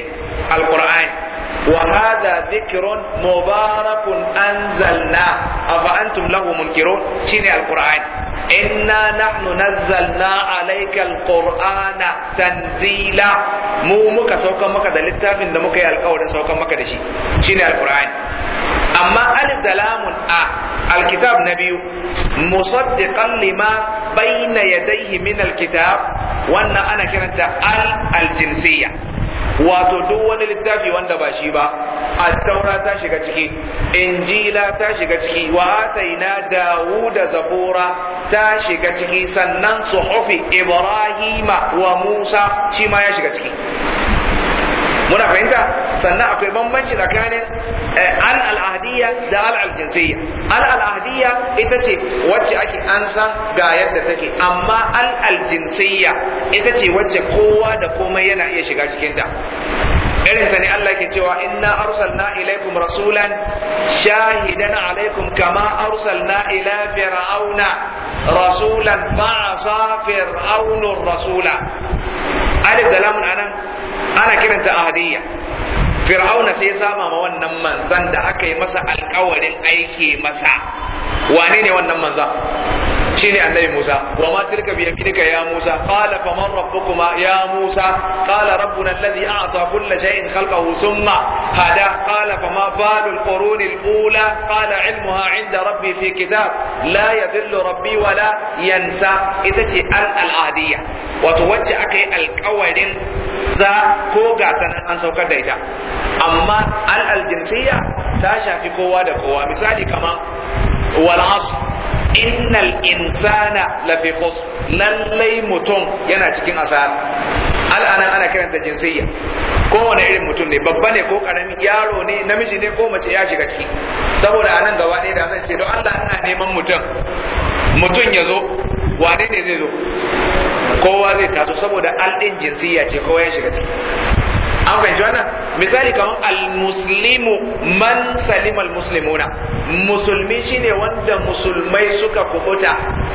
القرآن وهذا ذكر مبارك أنزلناه أفأنتم له منكرون شيني القرآن إنا نحن نزلنا عليك القرآن تنزيلا مو مكا سوكا مكا دا للتابن دا مكا القول سوكا مكا دا شي شيني القرآن أما ألف دلام آ الكتاب نبي مصدقا لما بين يديه من الكتاب وأن أنا كرنت ال الجنسية wato duk wani littafi wanda ba shi ba at-taura ta shiga ciki injila ta shiga ciki wa ataina dawuda zabura ta shiga ciki sannan suhufi ibrahima wa musa shi ma ya shiga ciki muna fahimta sannan akwai bambanci tsakanin al eh, al'ahdiya da al aljinsiyya al al'ahdiya ita ce wacce ake an san ga yadda take amma al aljinsiyya ita ce wacce kowa da komai yana iya shiga cikin ta irin ta ne Allah ke cewa inna arsalna ilaikum rasulan shahidan alaikum kama arsalna ila fir'auna rasulan fa'asa fir'aunur rasula alif da lamun anan ana kiranta ahadiyya fir'auna sai ya sama ma wannan manzan da aka yi masa alkawarin aiki masa wane ne wannan manzan shine annabi Musa wa ma tilka bi yaminika ya Musa qala faman rabbukuma ya Musa qala rabbuna alladhi a'ta kulla shay'in khalqahu thumma hada qala fama balu alqurun alula qala ilmuha 'inda rabbi fi kitab la yadillu rabbi wa la yansa ita ce al al'adiyya wato wacce aka yi alƙawarin za ko gasa nan an saukar da ita amma al aljinsiyya ta shafi kowa da kowa misali kamar wal asr innal insana lafi khus lallai mutum yana cikin asara al'anan ana kiranta jinsiyya kowane irin mutum ne babba ne ko karamin yaro ne namiji ne ko mace ya shiga ciki saboda anan gaba ɗaya da zan ce don Allah ina neman mutum mutum ya zo wane ne zai zo kowa zai taso saboda aldin jinsiya ce kowa ya shiga ciki an fahimci wannan misali kamar almuslimu man salimal muslimuna musulmi shine wanda musulmai suka kubuta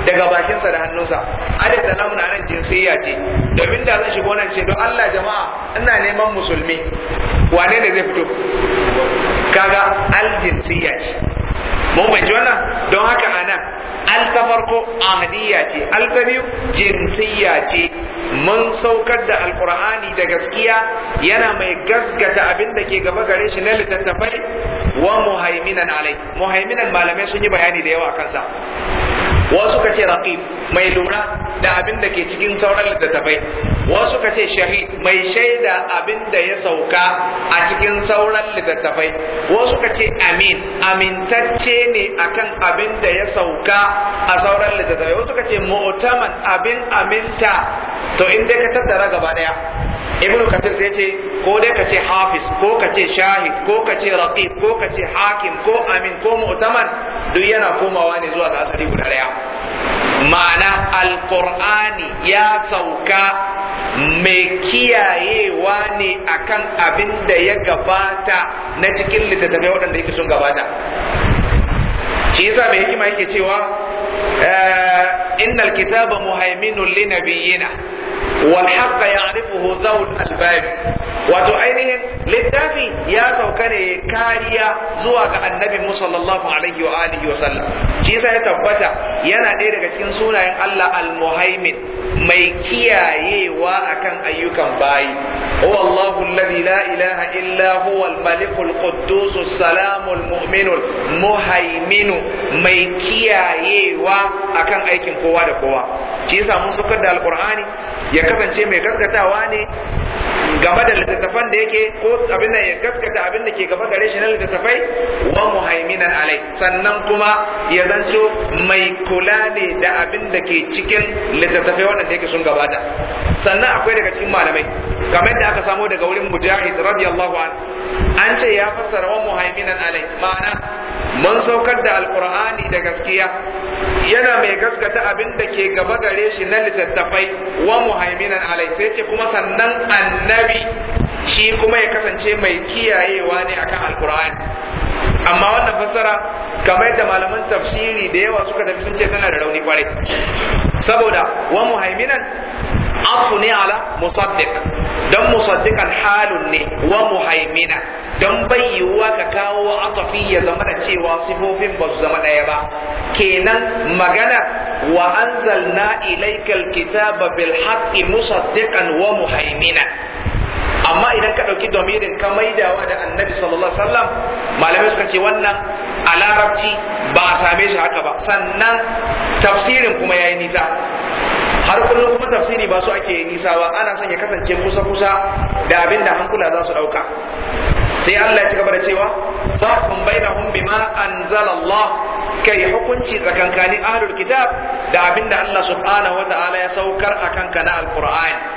daga bakinsa da hannunsa alif da namuna nan jinsiya ce domin da zan shigo nan ce don Allah jama'a ina neman musulmi wane ne zai fito kaga aljinsiya ce mun fahimci wannan don haka anan al ahadiyya ce al jinsiyya ce mun saukar da alkur'ani da gaskiya yana mai gasgata abin da ke gaba gare shi na littattafai wa muhaiminan alai muhaiminan malamai sun yi bayani da yawa kansa wasu kace raqib mai lura da abin da ke cikin sauran littattafai wasu kace shahid mai shaida abin da ya sauka a cikin sauran littattafai wasu kace amin amintacce ne akan abin da ya sauka a sauran littattafai wasu kace mu'taman abin aminta to in dai ka tattara gaba daya ibnu kathir sai ce ko dai ka ce hafiz ko ka ce shahid ko ka ce raqib ko ka ce hakim ko amin ko mu'taman duk yana komawa ne zuwa ga asali guda daya ma'ana alqur'ani ya sauka mai kiyayewa ne akan abin da ya gabata na cikin littattafai waɗanda yake sun gabata shi yasa mai hikima yake cewa eh, innal kitaba muhaiminun li nabiyina wal haqqa ya'rifuhu zawul albab wato ainihin littafi ya sauka ne kariya zuwa ga annabi mu sallallahu wa sallam shi ya tabbata yana ɗaya daga cikin sunayen Allah al-muhaimin mai kiyayewa akan ayyukan bayi huwa Allahu la ilaha illa huwa al-malik al-quddus as mai kiyayewa akan aikin kowa da kowa shi yasa mun saukar da alqur'ani ya kasance mai gaskatawa ne game da littattafan da yake ko abin da ya gaskata abin da ke gaba gare shi na littattafai wa muhaiminan alai sannan kuma ya zanto mai kula ne da abin da ke cikin littattafai waɗanda yake sun gabata sannan akwai daga cikin malamai kamar da aka samo daga wurin mujahid radiyallahu an an ce ya fassara wa muhaiminan alai ma'ana mun saukar da alkur'ani da gaskiya yana mai gaskata abin da ke gaba gare shi na littattafai wa muhaiminan alai ce kuma sannan annabi shi kuma ya kasance mai kiyayewa ne akan alkur'ani amma wannan fassara kamar da malaman tafsiri da yawa suka tafi sun ce tana da rauni kwarai saboda wa muhaiminan afu ne ala musaddiq dan musaddiqan halun ne wa muhaimina don bai yiwuwa ka kawo atafi ya zama da cewa sifofin ba su zama ɗaya ba kenan magana wa anzalna ilaikal kitaba bil haqqi musaddiqan wa muhaimina amma idan ka ɗauki domirin ka maidawa da annabi sallallahu alaihi wasallam malamai suka ce wannan a larabci ba a same shi haka ba sannan tafsirin kuma yayi nisa har kullum kuma tafsiri ba su ake nisa ba ana son ya kasance kusa kusa da abin da hankula za su ɗauka sai Allah ya ci gaba da cewa tahkum bainahum bima anzala Allah kai hukunci tsakankanin ahlul kitab da abinda Allah subhanahu wa ya saukar akan kana alqur'ani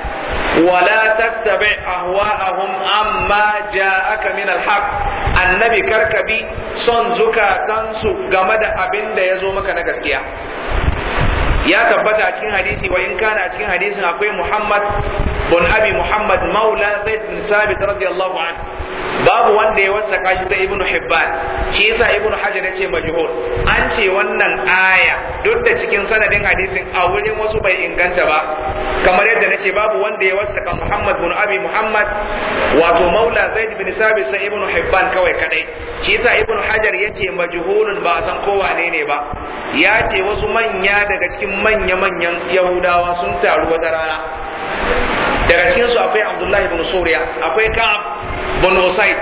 ولا تتبع أهواءهم amma جاءك min alhaq, annabi karkabi son zukatan su game da abin da ya zo maka na gaskiya ya tabbata a cikin hadisi wa in kana a cikin hadisin akwai Muhammad bin Abi Muhammad Maula Zaid bin Sabit radiyallahu anhu babu wanda ya wasaka shi sai Ibn Hibban shi yasa Ibn Hajar ya yace majhul an ce wannan aya duk da cikin sanadin hadisin a wurin wasu bai inganta ba kamar yadda nace babu wanda ya wasaka Muhammad bin Abi Muhammad wato Maula Zaid bin Sabit sai Ibn Hibban kawai kadai shi yasa Ibn Hajar ya yace majhulun ba san kowa ne ne ba ya ce wasu manya daga cikin cikin manya-manyan yahudawa sun taru wata rana daga cikinsu akwai abdullahi bin suriya akwai ka'ab bin usaid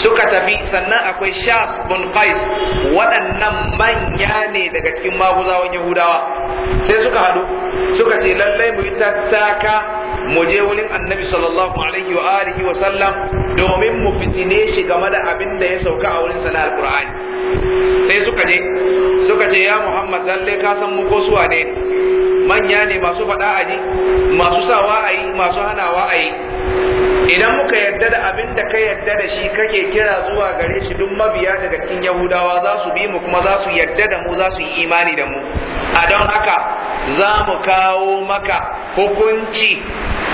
suka tafi sannan akwai shas bin qais waɗannan manya ne daga cikin maguzawan yahudawa sai suka haɗu suka ce lallai mu yi tattaka mu je wurin annabi sallallahu alaihi wa alihi wa sallam domin mu fitine shi game da abin da ya sauka a wurin sana alkur'ani sai suka je suka ce ya Muhammad lalle ka san mu ko suwa ne manya ne masu faɗa a masu sawa a masu hanawa a idan muka yadda da abin da ka yadda da shi kake kira zuwa gare shi duk mabiya daga cikin yahudawa za su bi mu kuma za su yadda da mu za su yi imani da mu a don haka za mu kawo maka hukunci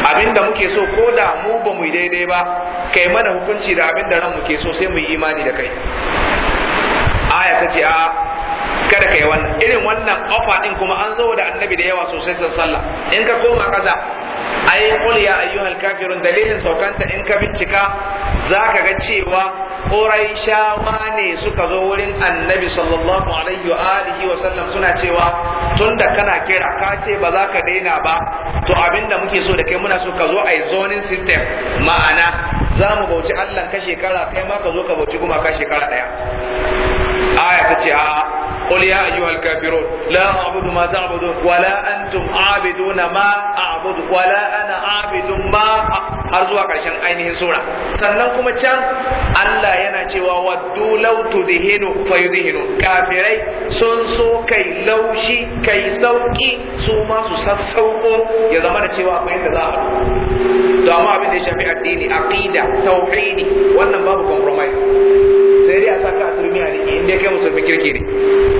Abin da muke so ko da mu ba mu daidai ba kai mana hukunci da abin da ran muke so sai mu yi imani da kai aya ta ce a kada kai wannan irin wannan ofa din kuma an zo da annabi da yawa sosai san sallah in ka koma kaza ai qul ya ayyuhal kafirun dalilin saukanta in ka bincika zaka ga cewa Quraishawa ne suka zo wurin Annabi sallallahu alaihi wa alihi wa sallam suna cewa tunda kana kira ka ce ba za ka daina ba to abinda muke so da kai muna so ka zo ai zoning system ma'ana za mu bauci Allah ka shekara kai ma ka zo ka bauci kuma ka shekara daya aya ta ce a'a قل يا أيها الكافرون لا أعبد ما تعبدون ولا أنتم عابدون ما أعبد ولا أنا عابد ما أرجو أكشن أينه سورة سننكم كم الله ينأتي وودوا لو تدهنوا فيدهنوا كافرين سنسو كي لوشي كي سوكي سوما سسوكو يضمن سوى فإن ذا دعما abin da ya shafi addini aqida tauhidi wannan babu compromise sai dai a saka a turmiya ne inda kai musulmi kirki ne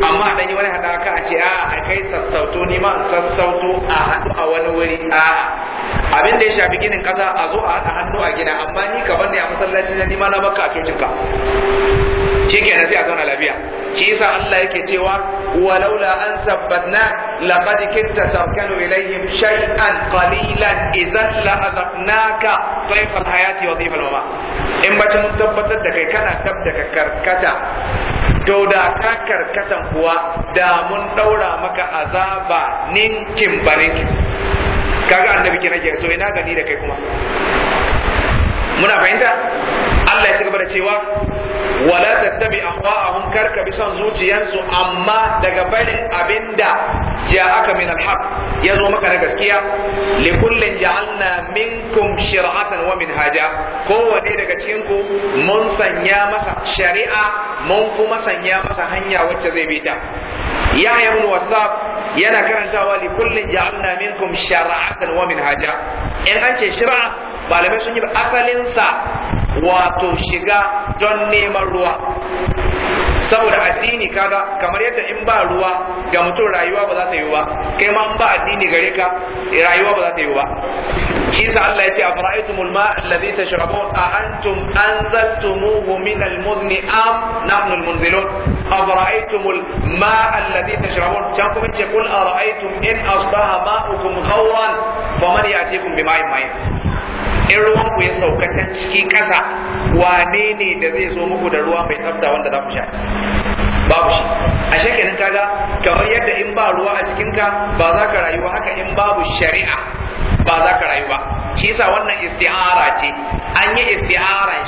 amma a yi wani haɗaka a ce a a kai sassauto ni ma sassauto a hannu a wani wuri a abin da ya shafi ginin ƙasa a zo a hannu a gina amma ni ka ne a masallaci na nima na baka a cocinka shi ke sai a zauna lafiya shi yasa Allah yake cewa walaula an sabbatna laqad kunta tarkanu ilaihim shay'an qalilan idhan la azaqnaka tayfal hayati wa dhifal mama in ba mun tabbatar da kai kana tabda karkata to da ka karkatan kuwa da mun daura maka azaba ninkin barinki kaga annabi kina ke to ina gani da kai kuma muna fahimta Allah ya ci da cewa wala tattabi ahwa'ahum karka bi son zuciyansu amma daga barin abinda ya aka min alhaq ya zo maka na gaskiya li kullin ja'alna minkum shir'atan wa minhaja kowane daga cikin ku mun sanya masa shari'a mun kuma sanya masa hanya wacce zai bi ta yahya ibn wasab yana karantawa li kullin ja'alna minkum shar'atan wa minhaja in an ce shari'a malamai sun yi asalinsa wato shiga don neman ruwa saboda addini kaga kamar yadda in ba ruwa ga mutum rayuwa ba za ta yi ba kai ma in ba addini gare ka rayuwa ba za ta yi ba shi sa Allah ya ce afara'aytumul ma alladhi tashrabun a antum anzaltumuhu min almuzni am nahnu almunzilun afara'aytumul ma alladhi tashrabun can kuma ce qul ara'aytum in asbaha ma'ukum ghawran faman ya'tikum bima'in in ruwan ku ya sauka can ciki ƙasa wane ne da zai zo muku da ruwa mai tsafta wanda za ku sha babu a shekarun kaga kamar yadda in ba ruwa a cikinka ba za ka rayu haka in babu shari'a ba za ka rayu ba shi yasa wannan isti'ara ce an yi isti'aran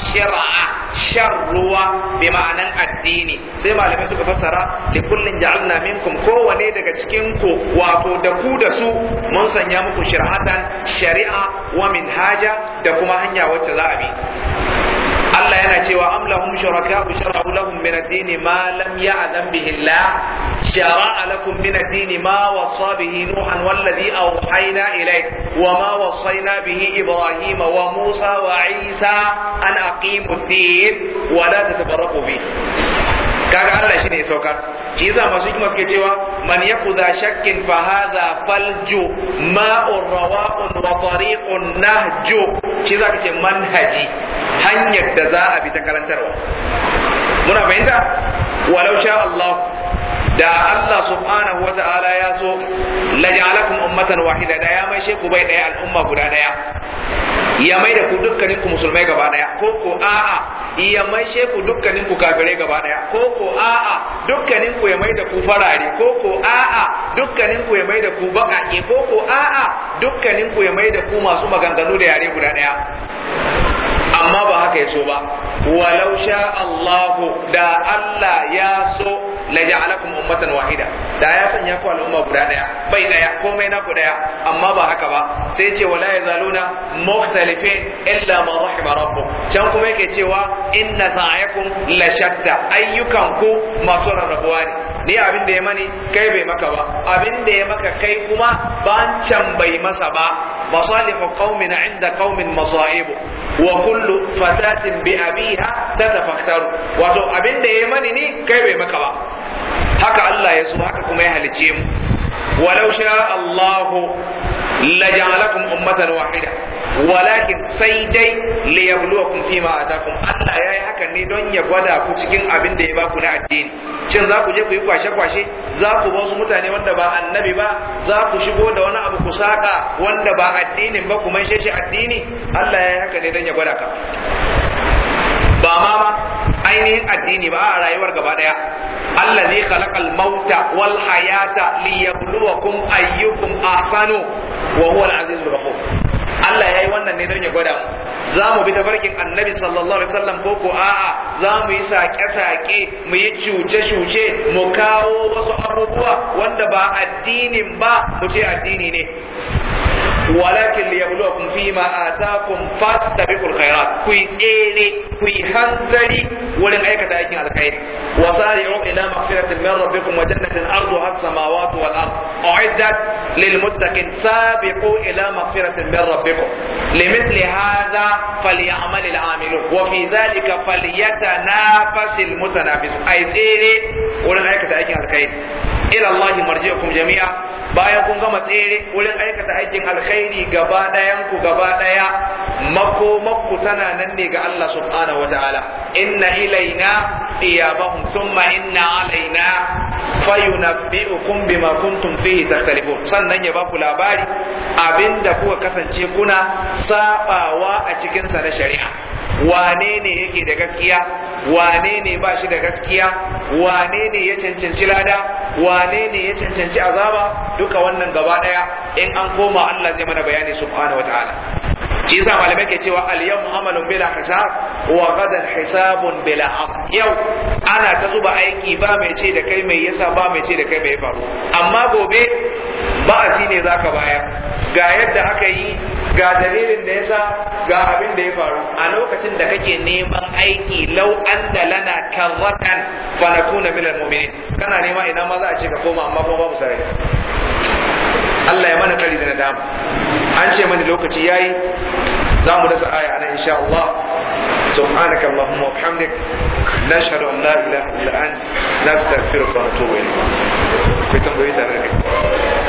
shan ruwa bi ma'anan addini sai malamai suka fassara li kullin ja'alna minkum kowane daga cikin ku wato da ku da su mun sanya muku shir'atan shari'a wa minhaja da kuma hanya wacce za a bi Allah yana cewa am lahum shuraka shara'u lahum min ad-din ma lam ya'lam bihi Allah shara'a lakum min ad-din ma wasa bihi nuhan wallazi awhayna ilayk wa ma wasayna bihi ibrahim wa musa wa isa an aqimu ad-din wa la tatafarraqu bihi kaga Allah shine ya saukar shi yasa masu hikima suke cewa man yakuda shakkin fa hadha falju ma'ur rawa'un wa tariqun nahju shi zaka ce manhaji hanyar da za a bi ta karantarwa muna fahimta walau sha Allah da Allah subhanahu wa ta'ala ya so laj'alakum ummatan wahida da ya mai shi ku bai daya al'umma guda daya ya mai da ku dukkanin ku musulmai gaba daya ko ko a'a ya mai shi ku dukkanin ku kafirai gaba daya ko ko a'a dukkanin ku ya mai da ku farare ko ko a'a dukkanin ku ya mai da ku baƙaƙe ko ko a'a dukkanin ku ya mai da ku masu maganganu da yare guda daya amma ba haka ya so ba walau sha Allahu da Allah ya so la ja'alakum ummatan wahida da ya sanya ku al'umma guda daya bai daya komai na ku daya amma ba haka ba sai ce wala yazaluna mukhtalifin illa ma rahima rabbuk can kuma yake cewa inna sa'yakum la shatta ayyukan ku masu rarrabuwa ne ni abin da ya mani kai bai maka ba abin da ya maka kai kuma ban can bai masa ba masalihu qaumin inda qaumin masaibu wa kullu fatatin bi abiha tatafakkaru wato abin da yayi mani ni kai bai maka ba haka Allah ya so haka kuma ya halice mu walau sha Allah la ja'alakum ummatan wahida walakin sai dai li yabluwakum fima atakum Allah yayi haka ne don ya gwada ku cikin abin da ya baku na addini shin za ku je ku yi kwashe-kwashe za ku ba wasu mutane wanda ba annabi ba za ku shigo da wani abu ku saka wanda ba addinin ba ku manshe shi addini Allah ya yi haka ne don ya gwada ka ba ma ba ainihin addini ba a rayuwar gaba daya Allah ne khalaqal mauta wal hayata liyabluwakum ayyukum ahsanu wa huwa al-azizul Allah ya yi wannan ne don ya gwada mu za mu bi tafarkin annabi sallallahu alaihi wasallam ko ko a'a za mu yi saƙe sake mu yi cuce-cuce mu kawo wasu abubuwa wanda ba addinin ba mu ce addini ne ولكن ليبلوكم فيما آتاكم فاستبقوا الخيرات كوي سيلي كوي هنزلي ولن أيك تأيكين على الخير وسارعوا إلى مغفرة من ربكم وجنة أرضها السماوات والأرض أعدت للمتقين سابقوا إلى مغفرة من ربكم لمثل هذا فليعمل العاملون وفي ذلك فليتنافس المتنافس أي سيلي ولن أيك تأيكين على الخير ila Allah marji'ukum jami'a bayan kun gama tsere wurin aikata aikin alkhairi gaba dayan ku gaba daya makomakku tana nan ne ga Allah subhanahu wataala inna ilaina iyabahum thumma inna alaina fayunabbi'ukum bima kuntum fihi takhtalifun sannan ya baku labari abinda kuka kasance kuna sabawa a cikin sa na shari'a wane ne yake da gaskiya wane ne ba shi da gaskiya wane ne ya cancanci lada wane ne ya cancanci azaba duka wannan gaba daya in an koma Allah zai mana bayani subhanahu wataala shi yasa malamai ke cewa al yawm amalun bila hisab wa gadan hisabun bila aqd yau ana ta zuba aiki ba mai ce da kai mai yasa ba mai ce da kai mai faru amma gobe ba'asi ne zaka baya. ga yadda aka yi ga dalilin da yasa ga abin da ya faru a lokacin da kake neman aiki lau an da lana karratan fa nakuna min almu'minin kana nema ina ma za a ce ka koma amma kuma babu sarai Allah ya mana kari da nadama an ce mani lokaci yayi za mu dasa aya ana insha Allah سبحانك اللهم وبحمدك نشهد ان لا اله الا انت نستغفرك ونتوب اليك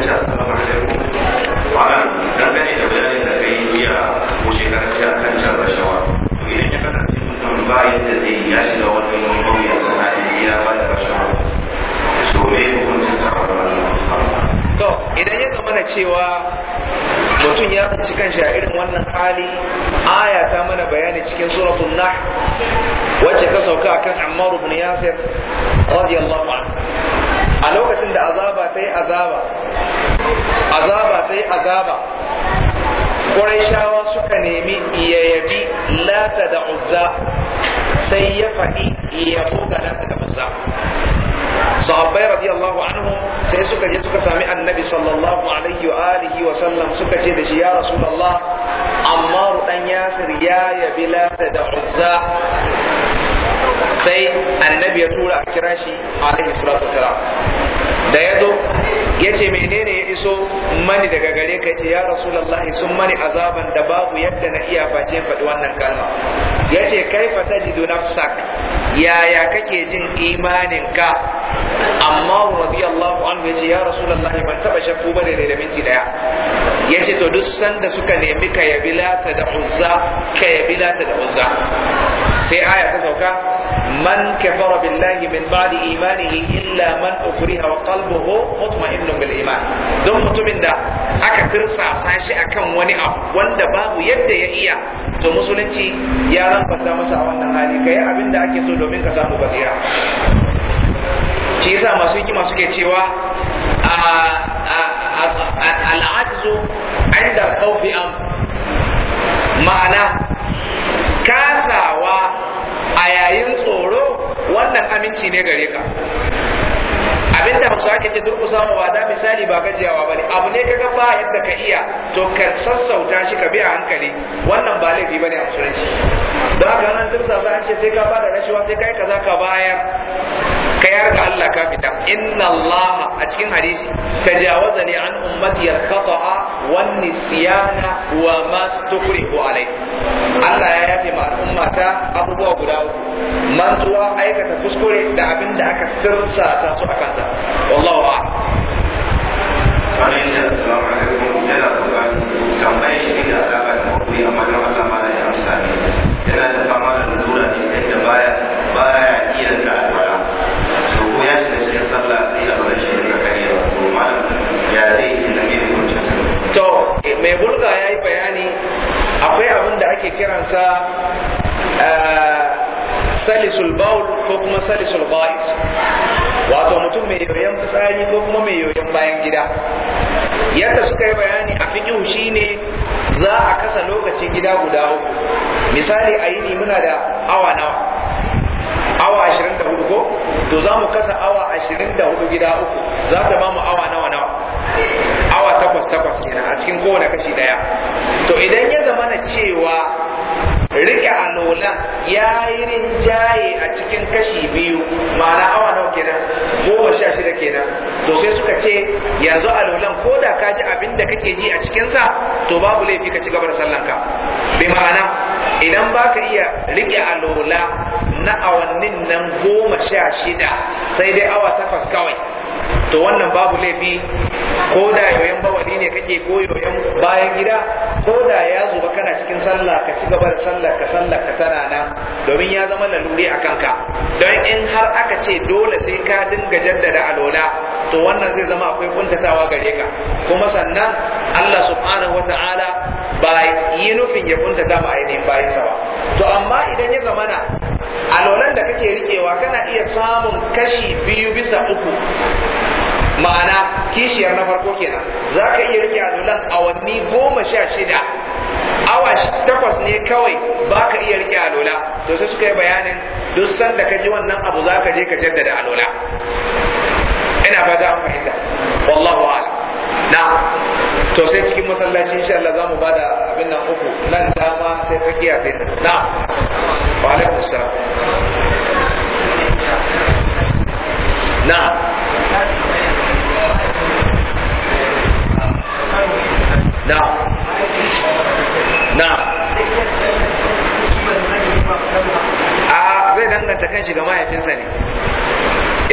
na ci jiya a to idan ya na cewa mutum ya tsinci kanshi a irin wannan hali aya ta mana bayani cikin suratun nah wacce ka sauka a kan Ammaru ibn Yasir radiyallahu anhu a lokacin da azaba ta yi azaba azaba ta yi azaba Qurayshawa suka nemi iyayabi lata da uzza sai ya faɗi yabo ga nasa da manzo sahabbai radiyallahu anhu sai suka je suka sami annabi sallallahu alaihi wa alihi wa sallam suka ce da shi ya rasulullah amma dan yasir ya yabi lata da uzza sai annabi ya tura a kira shi alaihi salatu wasalam da ya zo ya ce menene ya iso mani daga gare ka ce ya rasulallahi sun mani azaban da babu yadda na iya face faɗi wannan kalma ya ce kai fata jidu nafsak yaya kake jin imaninka amma radiyallahu anhu ya ce ya rasulallahi ban taɓa shakku ba da da minti daya ya ce to duk sanda suka nemi ka yabi lata da uzza ka yabi lata da uzza sai aya ta sauka man kafara billahi min ba'di imanihi illa man ukriha wa qalbuhu mutma'innun bil iman don mutumin da aka kirsa shi akan wani abu wanda babu yadda ya iya to musulunci ya lambata masa a wannan hali kai abin da ake so domin ka samu gaskiya shi yasa masu hikima suke cewa al'ajzu inda khawfi am ma'ana kasawa a yayin tsoro wannan aminci ne gare ka abin da hausa ake ce durkusa ma wada misali ba gajiyawa ba ne abu ne kaga ba yadda ka iya to ka sassauta shi ka biya hankali wannan ba laifi ba ne a musulunci don haka nan dursa an ce sai ka ba da rashawa sai kai za ka bayar ka yarda Allah ka fita inna Allah a cikin hadisi tajawaza ne an ummati ya khataa wan nisyana wa ma stukrihu alai Allah ya yafe ma al'ummata abubuwa guda uku mantuwa aikata kuskure da abin da aka tirsa ta su aka sa wallahu a'lam Assalamu alaikum yana buƙatar tambayar shi da alaƙa da mafi amma don Allah ma da ya amsa ne yana da fama da mai burga ya yi bayani akwai abin da ake kiransa salisul baul ko kuma salisul ba'is wato mutum mai yoyon fitsari ko kuma mai yoyon bayan gida yadda suka yi bayani a fiƙihu shine za a kasa lokacin gida guda uku misali a yini muna da awa nawa awa ashirin da hudu ko to za mu kasa awa ashirin da hudu gida uku za ta ba mu awa nawa nawa awa takwas takwas kenan a cikin kowane kashi daya to idan ya zama na cewa rike alolan ya yi rinjaye a cikin kashi biyu ma'ana awa nawa kenan goma sha shida kenan to sai suka ce yanzu alolan ko da ka ji abin da kake ji a cikinsa to babu laifi ka ci gaba da sallanka bi ma'ana idan ba ka iya rike alola na awannin nan goma sha shida sai dai awa takwas kawai to wannan babu laifi ko da yoyon bawali ne kake ko yoyon bayan gida ko da ya zuba kana cikin sallah ka ci gaba da sallah ka sallah ka tana nan domin ya zama lalure a kanka don in har aka ce dole sai ka dinga jaddada alola to wannan zai zama akwai kuntatawa gare ka kuma sannan Allah subhanahu wata'ala ba yi nufin ya kuntata ba ainihin bayansa ba to amma idan ya zamana alolan da kake riƙewa kana iya samun kashi biyu bisa uku ma'ana kishiyar na farko kenan za ka iya rike azulan awanni goma sha shida awa takwas ne kawai ba ka iya rike alola to sai suka yi bayanin duk sanda ka ji wannan abu za ka je ka jaddada alola ina fata an fahimta wallahu na to sai cikin masallaci insha Allah ba bada abin nan uku nan dama sai tsakiya sai na wa alaikum salam na Na. Na. a zai danganta kan shi ga mahaifinsa ne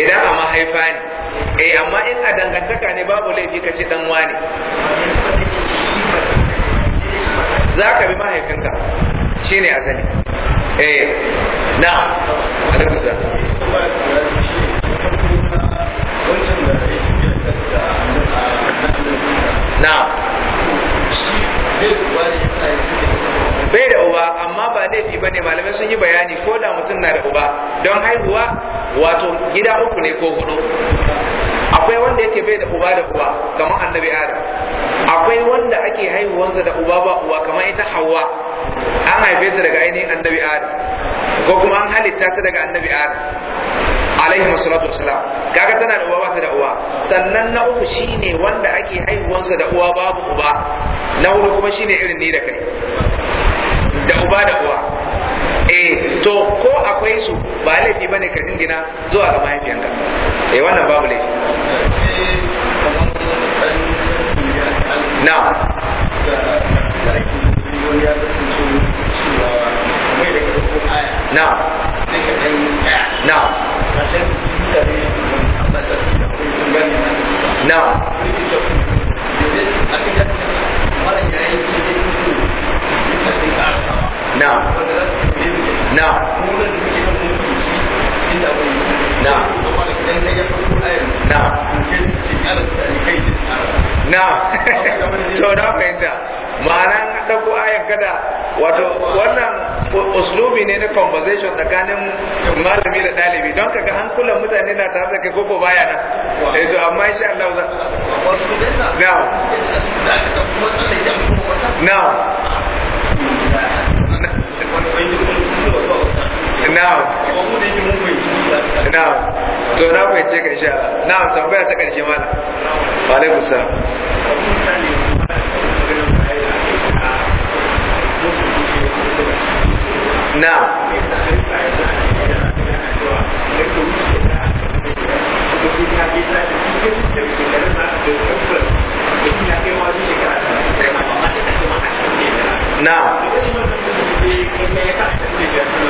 idan a mahaifa ne eh amma in a dangantaka ne babu laifi ka ce dan wane za ka bi mahaifinka Shi shine asali eh na alaikum na bai da uba amma ba laifi bane malamai sun yi bayani ko da mutum na da uba don haihuwa wato gida uku ne ko hudu akwai wanda yake bai da uba da uba kamar annabi adam akwai wanda ake haihuwansa da uba ba uba kamar ita hawa an haife ta daga ainihin annabi adam ko kuma an halitta ta daga annabi adam alaihi wasallatu wassalam kaga tana da uwa ba ta da uwa sannan na uku shine wanda ake haihuwansa da uwa babu uba na uku kuma shine irin ni da kai da uba da uwa eh to ko akwai su ba laifi bane ka dingina zuwa ga mahaifiyanka eh wannan babu laifi na na na na na na نعم نعم na'am to na fahimta ma'ana ɗago ayan kada wato wannan uslubi ne na conversation tsakanin malami da ɗalibi don ka ga hankulan mutane na tare da kai koko baya na eh amma insha Allah za na na na. to na fahimce ka insha Allah na tambaya ta karshe mana wa alaikum na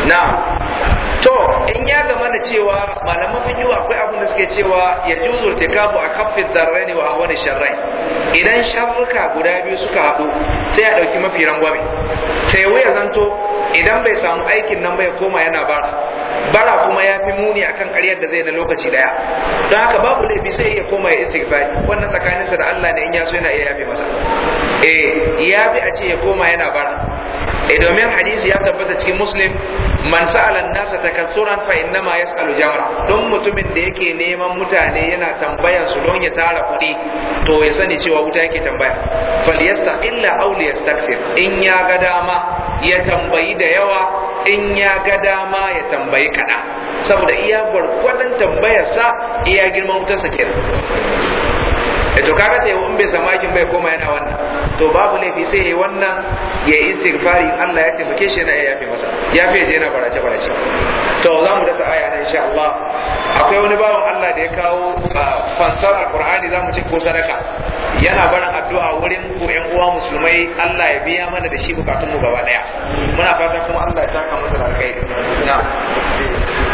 na na to in ya gama da cewa malaman fiqh akwai abin da suke cewa ya juzu tikabu a kaffin darrain wa ahwani sharrai idan sharruka guda biyu suka haɗu sai ya ɗauki mafi rangwame sai ya zanto idan bai samu aikin nan bai koma yana bara bara kuma ya fi muni akan ƙaryar da zai na lokaci daya don haka babu laifi sai ya koma ya istighfari wannan tsakaninsa da Allah ne in ya so yana iya yafe masa eh ya fi a ce ya koma yana bara eh domin hadisi ya tabbata cikin muslim man sa'alan nasa takassuran fa innama yas'alu jawra don mutumin da yake neman mutane yana tambayan su don ya tara kuɗi to ya sani cewa wuta yake tambaya falyasta illa aw liyastaksir in ya ga dama ya tambayi da yawa in ya ga dama ya tambayi kada saboda iya gwargwadon tambayarsa iya girman wutarsa kenan e to kaga te in bai bai koma yana wannan to babu laifi sai wannan ya yi istighfari Allah ya taimake shi na yafe masa yafi je yana barace barace to za mu dasa aya na insha Allah akwai wani bawan Allah da ya kawo ah, fansar alqur'ani za mu ci ko sadaka yana barin addu'a wurin ko ƴan uwa musulmai Allah ya biya mana da shi bukatun mu gaba daya muna fata kuma Allah ya saka masa da na